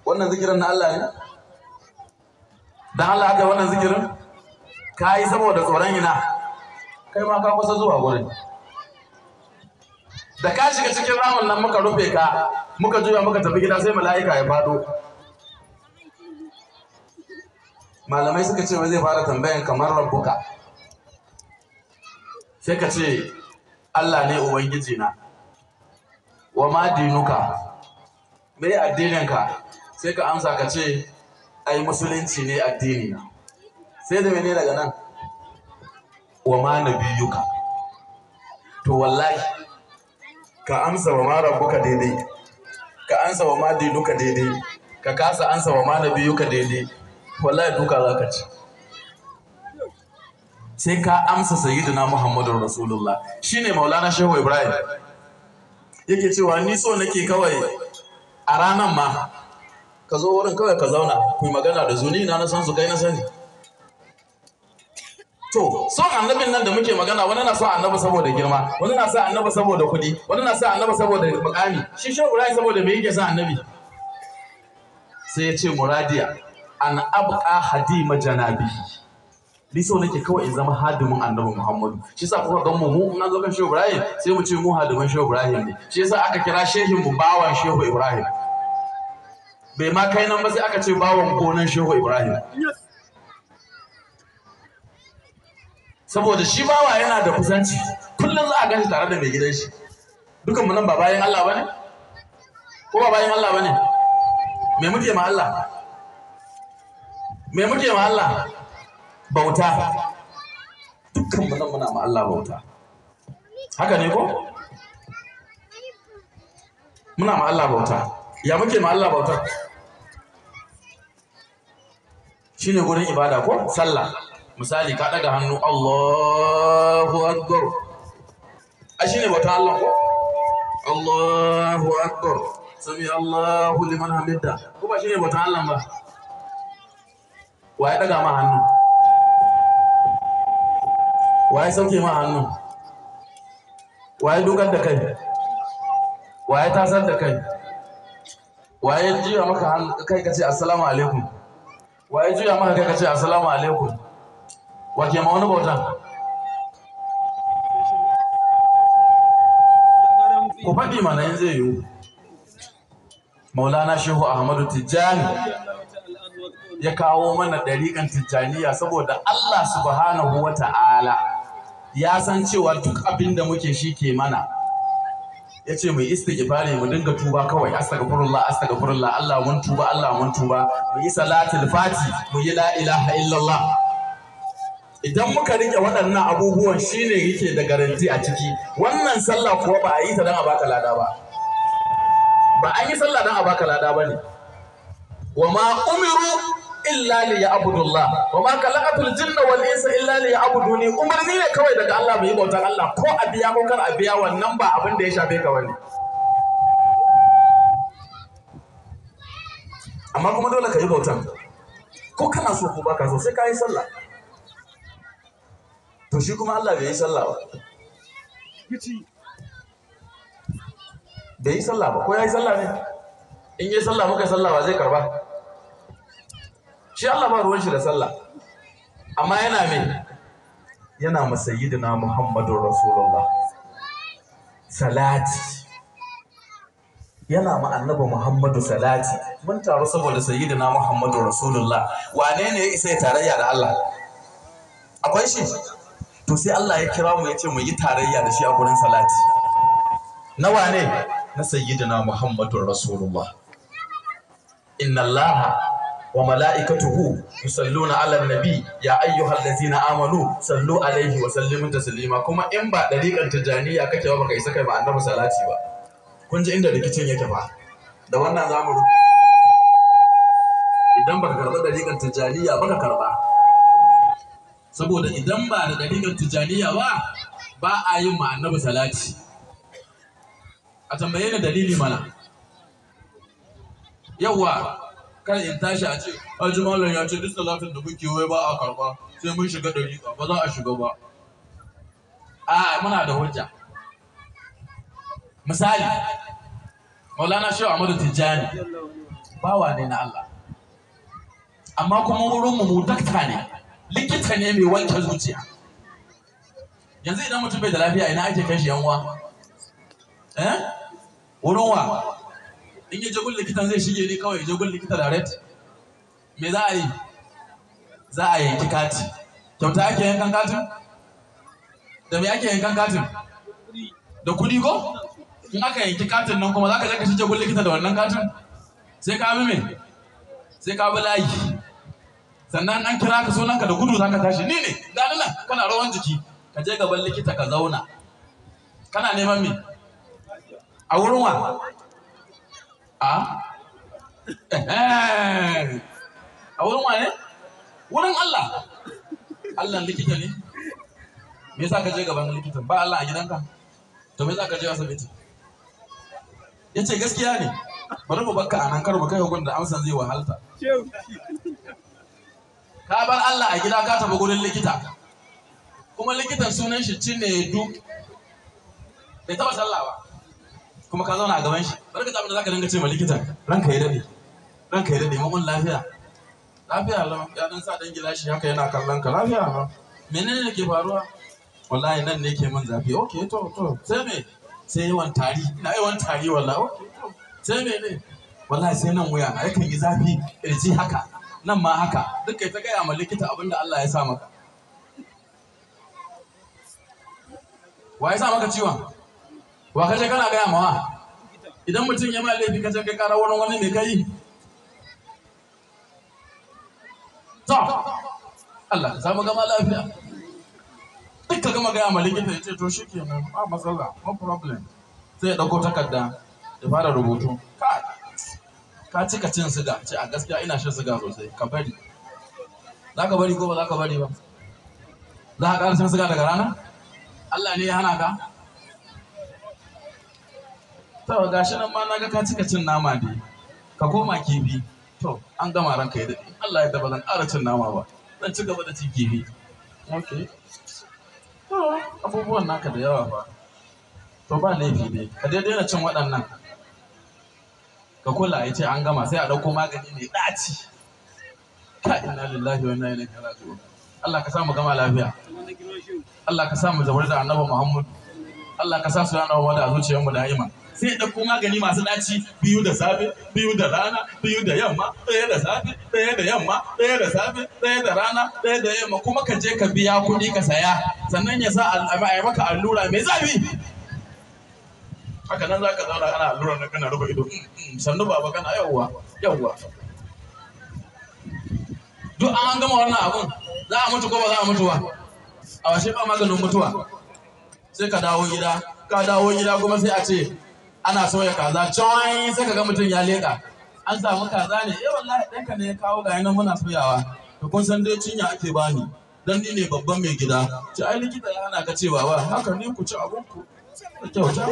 wannan zikirin na Allah ne dan Allah aka wannan zikirin ka yi saboda tsoron ina kai ma ka kusa zuwa gurin da ka shiga cikin ramin nan muka rufe ka muka juya muka tafi gida sai mala'ika ya fado malamai suka ce zai fara tambayan kamar rabbuka sai ka ce Allah ne ubangiji na wa ma dinuka me addininka sai ka amsa ka ce ai musulunci ne addini na sai da mene daga nan wa ma nabiyuka to wallahi ka amsa wa ma rabbuka daidai ka amsa wa ma dinuka daidai ka kasa amsa wa ma nabiyuka daidai wallahi duka za ka ci sai ka amsa sayyidina muhammadu rasulullah shine maulana shehu ibrahim yake cewa ni so nake kawai a ranan ma ka zo wurin kawai ka zauna ku yi magana da zuni na san su kai na sani to son annabin nan da muke magana wani na son annabi saboda girma wani na son annabi saboda kuɗi wani na son annabi saboda mukami shi shehu ibrahim saboda me yake son annabi sai ya ce muradiya an abqa hadima janabi ni so nake kawai in zama hadimin annabi Muhammadu shi yasa kuka ga mu mu in an zo kan Shehu Ibrahim sai mu ce mu hadimin Shehu Ibrahim ne shi yasa aka kira shehin mu bawan Shehu Ibrahim bai ma kai nan ba sai aka ce bawan gonan Shehu Ibrahim saboda shi bawa yana da kusanci kullum za a gan tare da mai gidan shi dukan mu nan ba bayan Allah bane ko ba bayan Allah bane me muke ma Allah Mai muke ma Allah bauta dukkan mu muna ma Allah bauta haka ne ko muna ma Allah bauta ya muke ma Allah bauta shine gurin ibada ko sallah misali ka daga hannu Allahu akbar a shine bauta Allah ko Allahu akbar sami Allahu liman hamida ko ba shine bauta Allah ba wa ya daga ma hannu wa ya sauke ma hannu wa ya dukan da kai wa ya tasar da kai wa ya juya maka kai ka ce assalamu alaikum wa ya juya maka kai ka ce assalamu alaikum wa ke ma wani bautan ku faɗi mana zai yiwu maulana shehu ahmadu tijjani ya kawo mana ɗariƙan tijjaniya saboda Allah subhanahu wa ta'ala ya san cewa duk abin da muke shi ke mana ya ce mai istighfari mu dinga tuba kawai furin astaghfirullah Allah mun tuba Allah mun tuba mu yi salatul fati mu yi la ilaha illallah idan muka rike waɗannan abubuwan shine yake da garanti a ciki wannan sallah kuwa ba a yi ta don a baka lada ba ba an yi sallah don a baka lada ba ne wa ma umiru illa li ya'budullah wa ma khalaqatul jinna wal insa illa li ya'buduni umarni ne kawai daga Allah mu yi Allah ko a biya ko kar a biya wannan ba abin da ya shafe ka wani amma kuma dole ka yi bautan ko kana so ko baka so sai ka yi sallah to shi kuma Allah bai yi sallah ba bai yi sallah ba ko ya yi sallah ne in yi sallah muka sallah ba zai karba shi Allah ba ruwan shi da sallah amma yana mai yana masayyidina Muhammadu Rasulullah salati yana ma Muhammadu salati mun taru saboda sayyidina Muhammadu Rasulullah wane ne ya isa ya tarayya da Allah akwai shi to sai Allah ya kira mu ya ce mu yi tarayya da shi a gurin salati na wane na sayyidina Muhammadu Rasulullah inna Allah wa mala'ikatuhu yusalluna ala nabi ya ayyuhallazina amanu sallu alaihi wa sallimu taslima kuma in ba dariƙan tijaniya kake wa baka isa kai ba annabi salati ba kun ji inda rikicin yake ba. da wannan Idan ba ka karɓa ɗariƙar dariƙan ba ka karɓa. saboda idan ba da ɗariƙar tijaniya ba ba a yi ma annabi salati a tambaye ni dalili mana yawa kan in tashi a ce aji malam ya ce duk salatin da kuke wai ba a karba sai mun shiga ka ba za a shiga ba a muna da hujja misali maulana shehu amadu tijjani bawa ne na allah amma kuma wurin mu dakta ne likita ne mai wanke zuciya yanzu idan mutum bai da lafiya ina ake kashi shi yan uwa eh wurin wa in ya jagun likitan zai shige ni kawai jagun likita red, me za a yi za a yanki kati kyauta ake yankan katin da me ake yankan katin da kudi ko in aka yanki katin nan kuma za ka je ka shige gun likita da wannan katin sai ka bi me sai ka bi layi sannan an kira ka sunanka da gudu za ka tashi ni ne gani nan kana rawan jiki ka je gaban likita ka zauna kana neman me a wurin wa a ah? a wurin wane wurin Allah Allah likita ne me yasa ka je gaban likitan ba Allah a gidanka to me yasa ka je asibiti ce gaskiya ne bari mu bakka a kar mu kai hukun da amsan zai wahalta ka bar Allah a gida ka tafi gurin likita kuma likitan sunan shi cine duk bai taba sallah ba kuma ka zauna a gaban shi barka abin da zaka dinga ce ma likita ranka ya dade ranka ya dade mun lafiya lafiya lam ya dan sa dan gilashi haka yana kallon ka lafiya lam menene ne ke faruwa wallahi nan ne ke min zafi okay to to sai me sai yawan tari ina yawan tari wallahi okay to sai me ne wallahi sai nan wuya na yakan yi zafi kirji haka nan ma haka duk kai ta gaya ma likita abin da Allah ya sa maka wa ya sa maka ciwon wa kaje kana gaya mawa idan mutum ya ma laifi kaje kai kara wani wani ne kai to Allah za mu gama lafiya duk ka gama gaya ma likita ya ce to shi nan ba matsala no problem sai ya ɗauko takarda ya fara rubutu ka cika cin siga ce a gaskiya ina shan siga sosai ka bari za ka bari ko ba za ka bari ba za ka ƙara cin siga daga rana Allah ne ya hana ka to gashi nan ma naga ka cika cin nama dai ka koma kifi to an gama ranka ya daɗe Allah ya daba zan ƙara cin nama ba zan ci gaba da cin kifi okay to abubuwan naka da yawa ba to ba laifi dai ka dai na cin waɗannan ka kula ya ce an gama sai a ɗauko magani mai ɗaci ka ina lillahi wa inna ilaihi raji'un Allah ka mu gama lafiya Allah ka mu zabar da annabi Muhammad Allah ka sa su yana wa da zuciyarmu da iman sai ɗauko magani masu ɗaci biyu da safe biyu da rana biyu da yamma ɗaya da safe ɗaya da yamma ɗaya da safe ɗaya da rana ɗaya da yamma kuma ka je ka biya kuɗi ka saya sannan ya sa ya maka allura mai zafi haka nan za ka zauna ana allura na kana rufe ido mm, mm, sannu baba kana yawwa yawwa duk an gama wannan abun za a mutu ko ba za a mutu ba a washe ba maganin mutuwa sai ka dawo gida ka dawo gida kuma sai a ce ana sauya kaza can sai ka ga mutum ya leƙa an samu kaza ne eh wallahi ɗanka ne ya kawo ga nan muna soyawa to kun san dai cinya ake bani dan ni ne babban mai gida ci ai likita ya hana ka cewa ba haka ne ku ci abun ku kyauta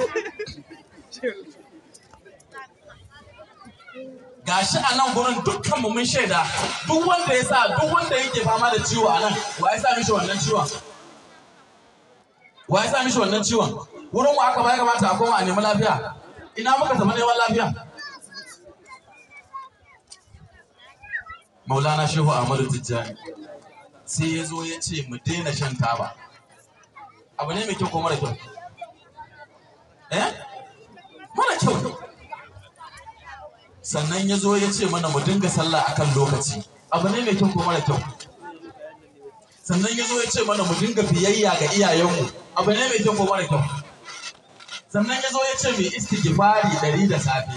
gashi a nan gurin dukkan mu mun shaida duk wanda ya sa duk wanda yake fama da ciwo a nan wa ya sa mishi wannan ciwon wa ya sa mishi wannan ciwon wurin wa aka bayar mata a koma a nemi lafiya ina muka zama neman lafiya maulana shehu Amadu tijjani sai ya zo ya ce mu daina shan taba abu ne mai kyau ko mara kyau eh mara kyau sannan ya zo ya ce mana mu dinga sallah akan lokaci abu ne mai kyau ko mara kyau sannan ya zo ya ce mana mu dinga biyayya ga iyayenmu abu ne mai kyau ko mara kyau sannan ya zo ya ce mai istighfari ɗari da safe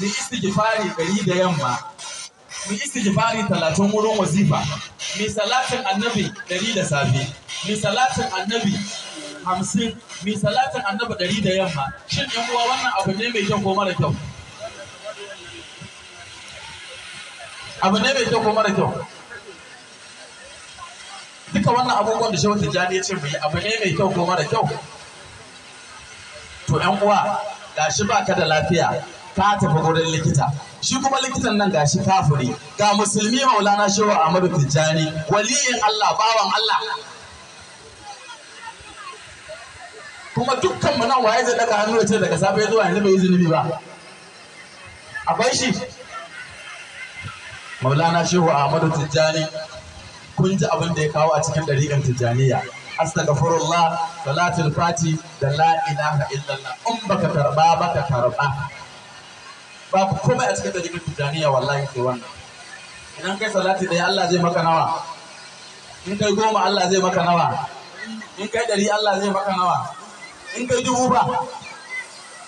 mai istighfari ɗari da yamma mai istighfari talatin wurin wazifa mai salatin annabi ɗari da safe mai salatin annabi hamsin mai salatin annabi ɗari da yamma shin yan uwa wannan abu ne mai kyau ko mara kyau abu ne mai kyau ko mara kyau duka wannan abubuwan da wata jani ya ce mai abu ne mai kyau ko mara kyau to yan uwa ga ba baka da lafiya ka tafi gurin likita shi kuma likitan nan gashi kafiri ga musulmi maulana shehu ahmadu tijjani waliyin allah bawan allah kuma dukkan mu nan waye zai daga hannu ya ce daga safe zuwa yanzu bai yi zunubi ba akwai shi maulana shehu ahmadu tijjani kun ji abin da ya kawo a cikin ɗariƙan tijjaniya astaghfirullah salatul fati da la ilaha illallah in baka karba baka karba ku komai a cikin tajibin tijaniya wallahi ke wannan idan kai salati ɗaya Allah zai maka nawa in kai goma Allah zai maka nawa in kai ɗari Allah zai maka nawa
in kai dubu ba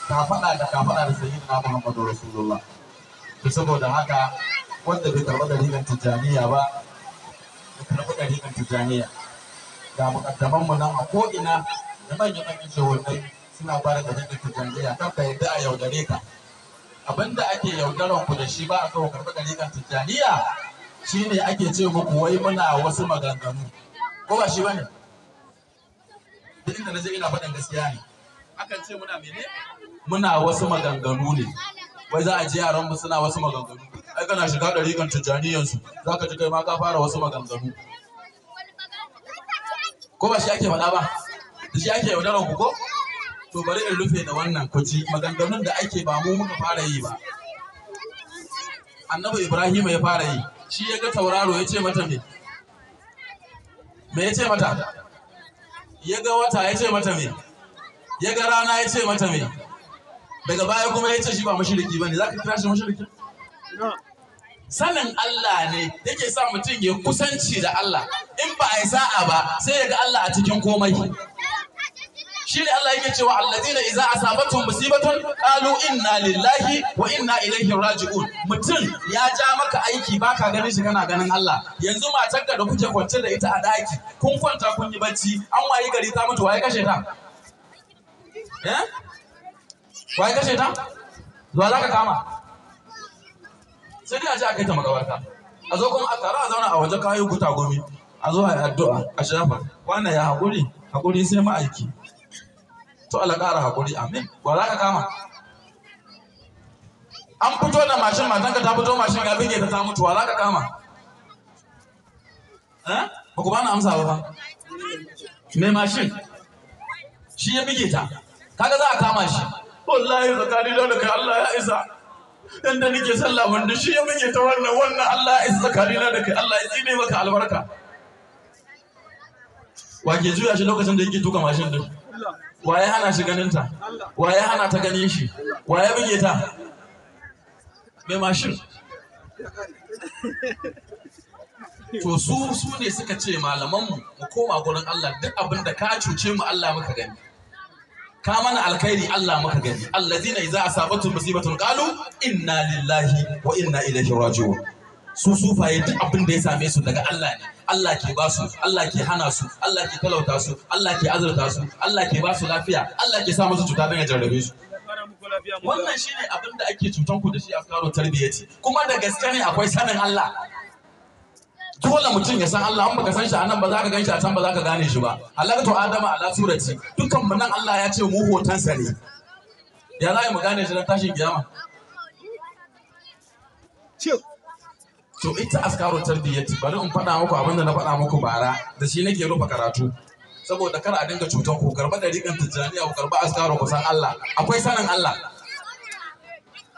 ka faɗa da ka faɗa da sayyidina Muhammadu Rasulullah to saboda haka wanda bai karɓa dalilan tijaniya ba ya karɓi dalilan tijaniya ga mukaddaman mu nan a ina da manyan manyan shehunai suna fara da jin tijjaniya kan ka yadda a yaudare ka abinda ake yaudaran ku da shi ba a kawo karɓi ɗariƙar tijjaniya shine ake ce muku wai muna wasu maganganu ko ba shi ba ne duk inda na je ina faɗin gaskiya ne akan ce muna mene muna wasu maganganu ne wai za a ji yaran mu suna wasu maganganu ai kana shiga ɗariƙar tijjaniyansu za ka ji kai ma ka fara wasu maganganu ko ba shi ake faɗa ba da shi ake yaudarar ku ko to bari in rufe da wannan kuji maganganun da ake ba mu muka fara yi ba annabi ibrahim ya fara yi shi ya ga tauraro ya ce mata me me ya ce mata ya ga wata ya ce mata me ya ga rana ya ce mata me daga baya kuma ya ce shi ba mashiriki ba ne za ka kira shi mashiriki sanin Allah ne yake sa mutum ya kusanci da Allah in ba a yi sa'a ba sai ya ga Allah a cikin komai shi ne Allah yake cewa allazina idza asabatuhum musibatun qalu inna lillahi wa inna ilaihi raji'un mutum ya ja maka aiki baka ganin shi kana ganin Allah yanzu matarka da kuke kwance da ita a daki kun kwanta kun yi bacci an wayi gari ta mutu waye kashe ta eh waye kashe ta zuwa zaka kama sai dai a ce a kai ta makabarta a zo kuma a tara a zauna a waje kayo guta gomi a zo a yi addu'a a shafa wannan ya haƙuri haƙuri sai ma'aiki to Allah ƙara haƙuri amin wa za ka kama an fito da mashin matan ka ta fito mashin ya bige ta ta mutu wa za ka kama eh ba na amsa ba mai mashin shi ya bige ta kaga za a kama shi wallahi zakari dole kai Allah ya isa dan da nake sallah ban da shi ya muke ta wannan wannan Allah ya tsakani na da kai Allah ya tsine maka albarka wa ke juya shi lokacin da yake tuka mashin din wa ya hana shi ganin ta wa ya hana ta ganin shi
wa ya buge ta
mai mashin to su su ne suka ce malaman mu mu koma gurin Allah duk abin da ka cuce mu Allah muka gani ka mana alkhairi Allah muka gani allazina idza asabatu musibatun qalu inna lillahi wa inna ilaihi raji'un su sufaye duk abin da ya same su daga Allah ne Allah ke ba su Allah ke hana su Allah ke talauta su Allah ke azurta su Allah ke ba su lafiya Allah ke sa musu cuta don ya jarrabe su wannan shine abin da ake cutan ku da shi a karo tarbiyyati kuma da gaske ne akwai sanin Allah dole mutum ya san Allah an baka san shi a nan ba za ka gan shi a can ba za ka gane shi ba to adama ala surati dukkan mu nan Allah ya ce mu sa ne ya za mu gane shi dan tashin kiyama to ita askaru tarbiyyati bari in faɗa muku abinda na faɗa muku bara da shi nake rufe karatu saboda kar a dinga cutan ku karba da rigan tijjaniya ku karba askaru ku san Allah akwai sanin Allah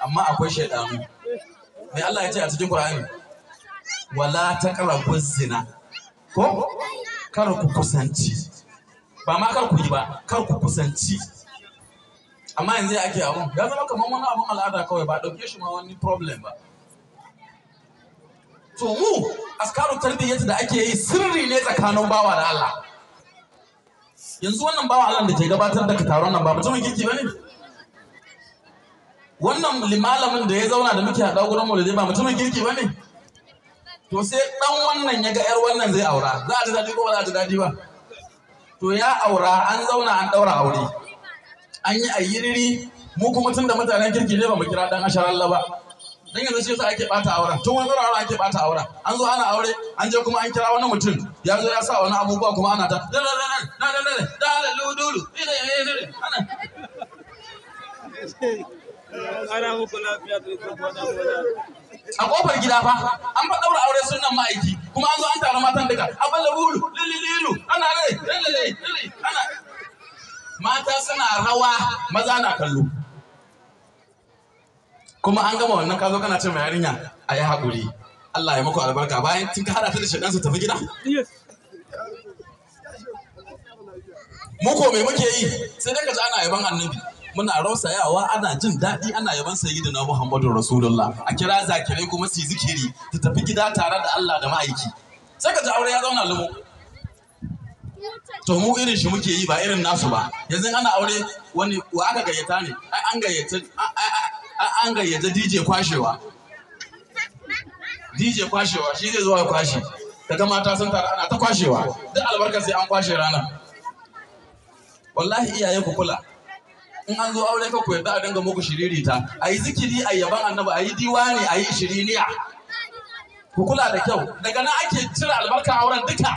amma akwai shaidanu me Allah ya ce a cikin Qur'ani wala ta karabun zina ko kar ku kusanci ba ma kar ku yi ba kar ku kusanci amma yanzu ya ake abun ya zama kamar wani abun al'ada kawai ba ɗauke shi ma wani problem ba to mu askarun tarbiyyar da ake yi sirri ne tsakanin bawa da Allah yanzu wannan bawa Allah da ke gabatar da taron nan ba mutumin kirki bane wannan limalamin da ya zauna da muke haɗa gurin maulidi ba mutumin kirki bane to sai ɗan wannan ya ga yar wannan zai aura za a ji daɗi ko ba za a ji daɗi ba to ya aura an zauna an ɗaura aure an yi ayyiriri mu kuma tun da mutanen kirki ne ba mu kira ɗan asharar ba dan yanzu shi yasa ake ɓata aura, tun wani aure ake ɓata aura. an zo ana aure an je kuma an kira wani mutum ya zo ya sa wani abubuwa kuma ana ta
ana muku da a kofar gida fa an fa daura aure sunan ma'aiki
kuma an zo an tara matan duka a balla rulu lililu ana rai lililu ana mata suna rawa maza na kallo kuma an gama wannan kazo kana ce mai yarinya a yi haƙuri Allah ya muku albarka bayan kin hada ta da shaɗan su tafi gida mu ko me muke yi sai dai ka ji ana yaban annabi muna rausayawa ana jin daɗi ana yaban sayyidina Muhammadu Rasulullah a kira zakirai kuma su zikiri ta tafi gida tare da Allah da ma'aiki sai ka ji aure ya zauna lumo to mu irin shi muke yi ba irin nasu ba yanzu ana aure wani wa aka gayyata ne ai an gayyata an gayyata DJ kwashewa DJ kwashewa shi zai zo ya kwashe kaga mata sun tara ana ta kwashewa duk albarka sai an kwashe ranar wallahi iyaye ku kula in an zo aure ka koyar yadda a dinga muku shiririta a yi zikiri a yaban annabi a yi diwani a yi shiriniya ku kula da kyau daga nan ake cire albarkar auren duka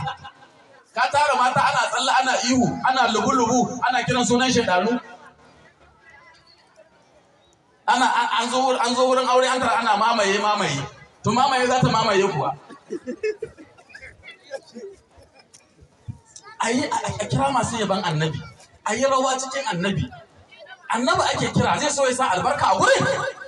ka tara mata ana tsalle ana ihu ana lubu-lubu ana kiran sunan shaidanu ana an zo wurin aure an tara ana mamaye mamaye to mamaye za ta mamaye kuwa
a yi a kira masu yaban annabi a yi rawa cikin annabi annabi ake kira zai so ya sa albarka a gurin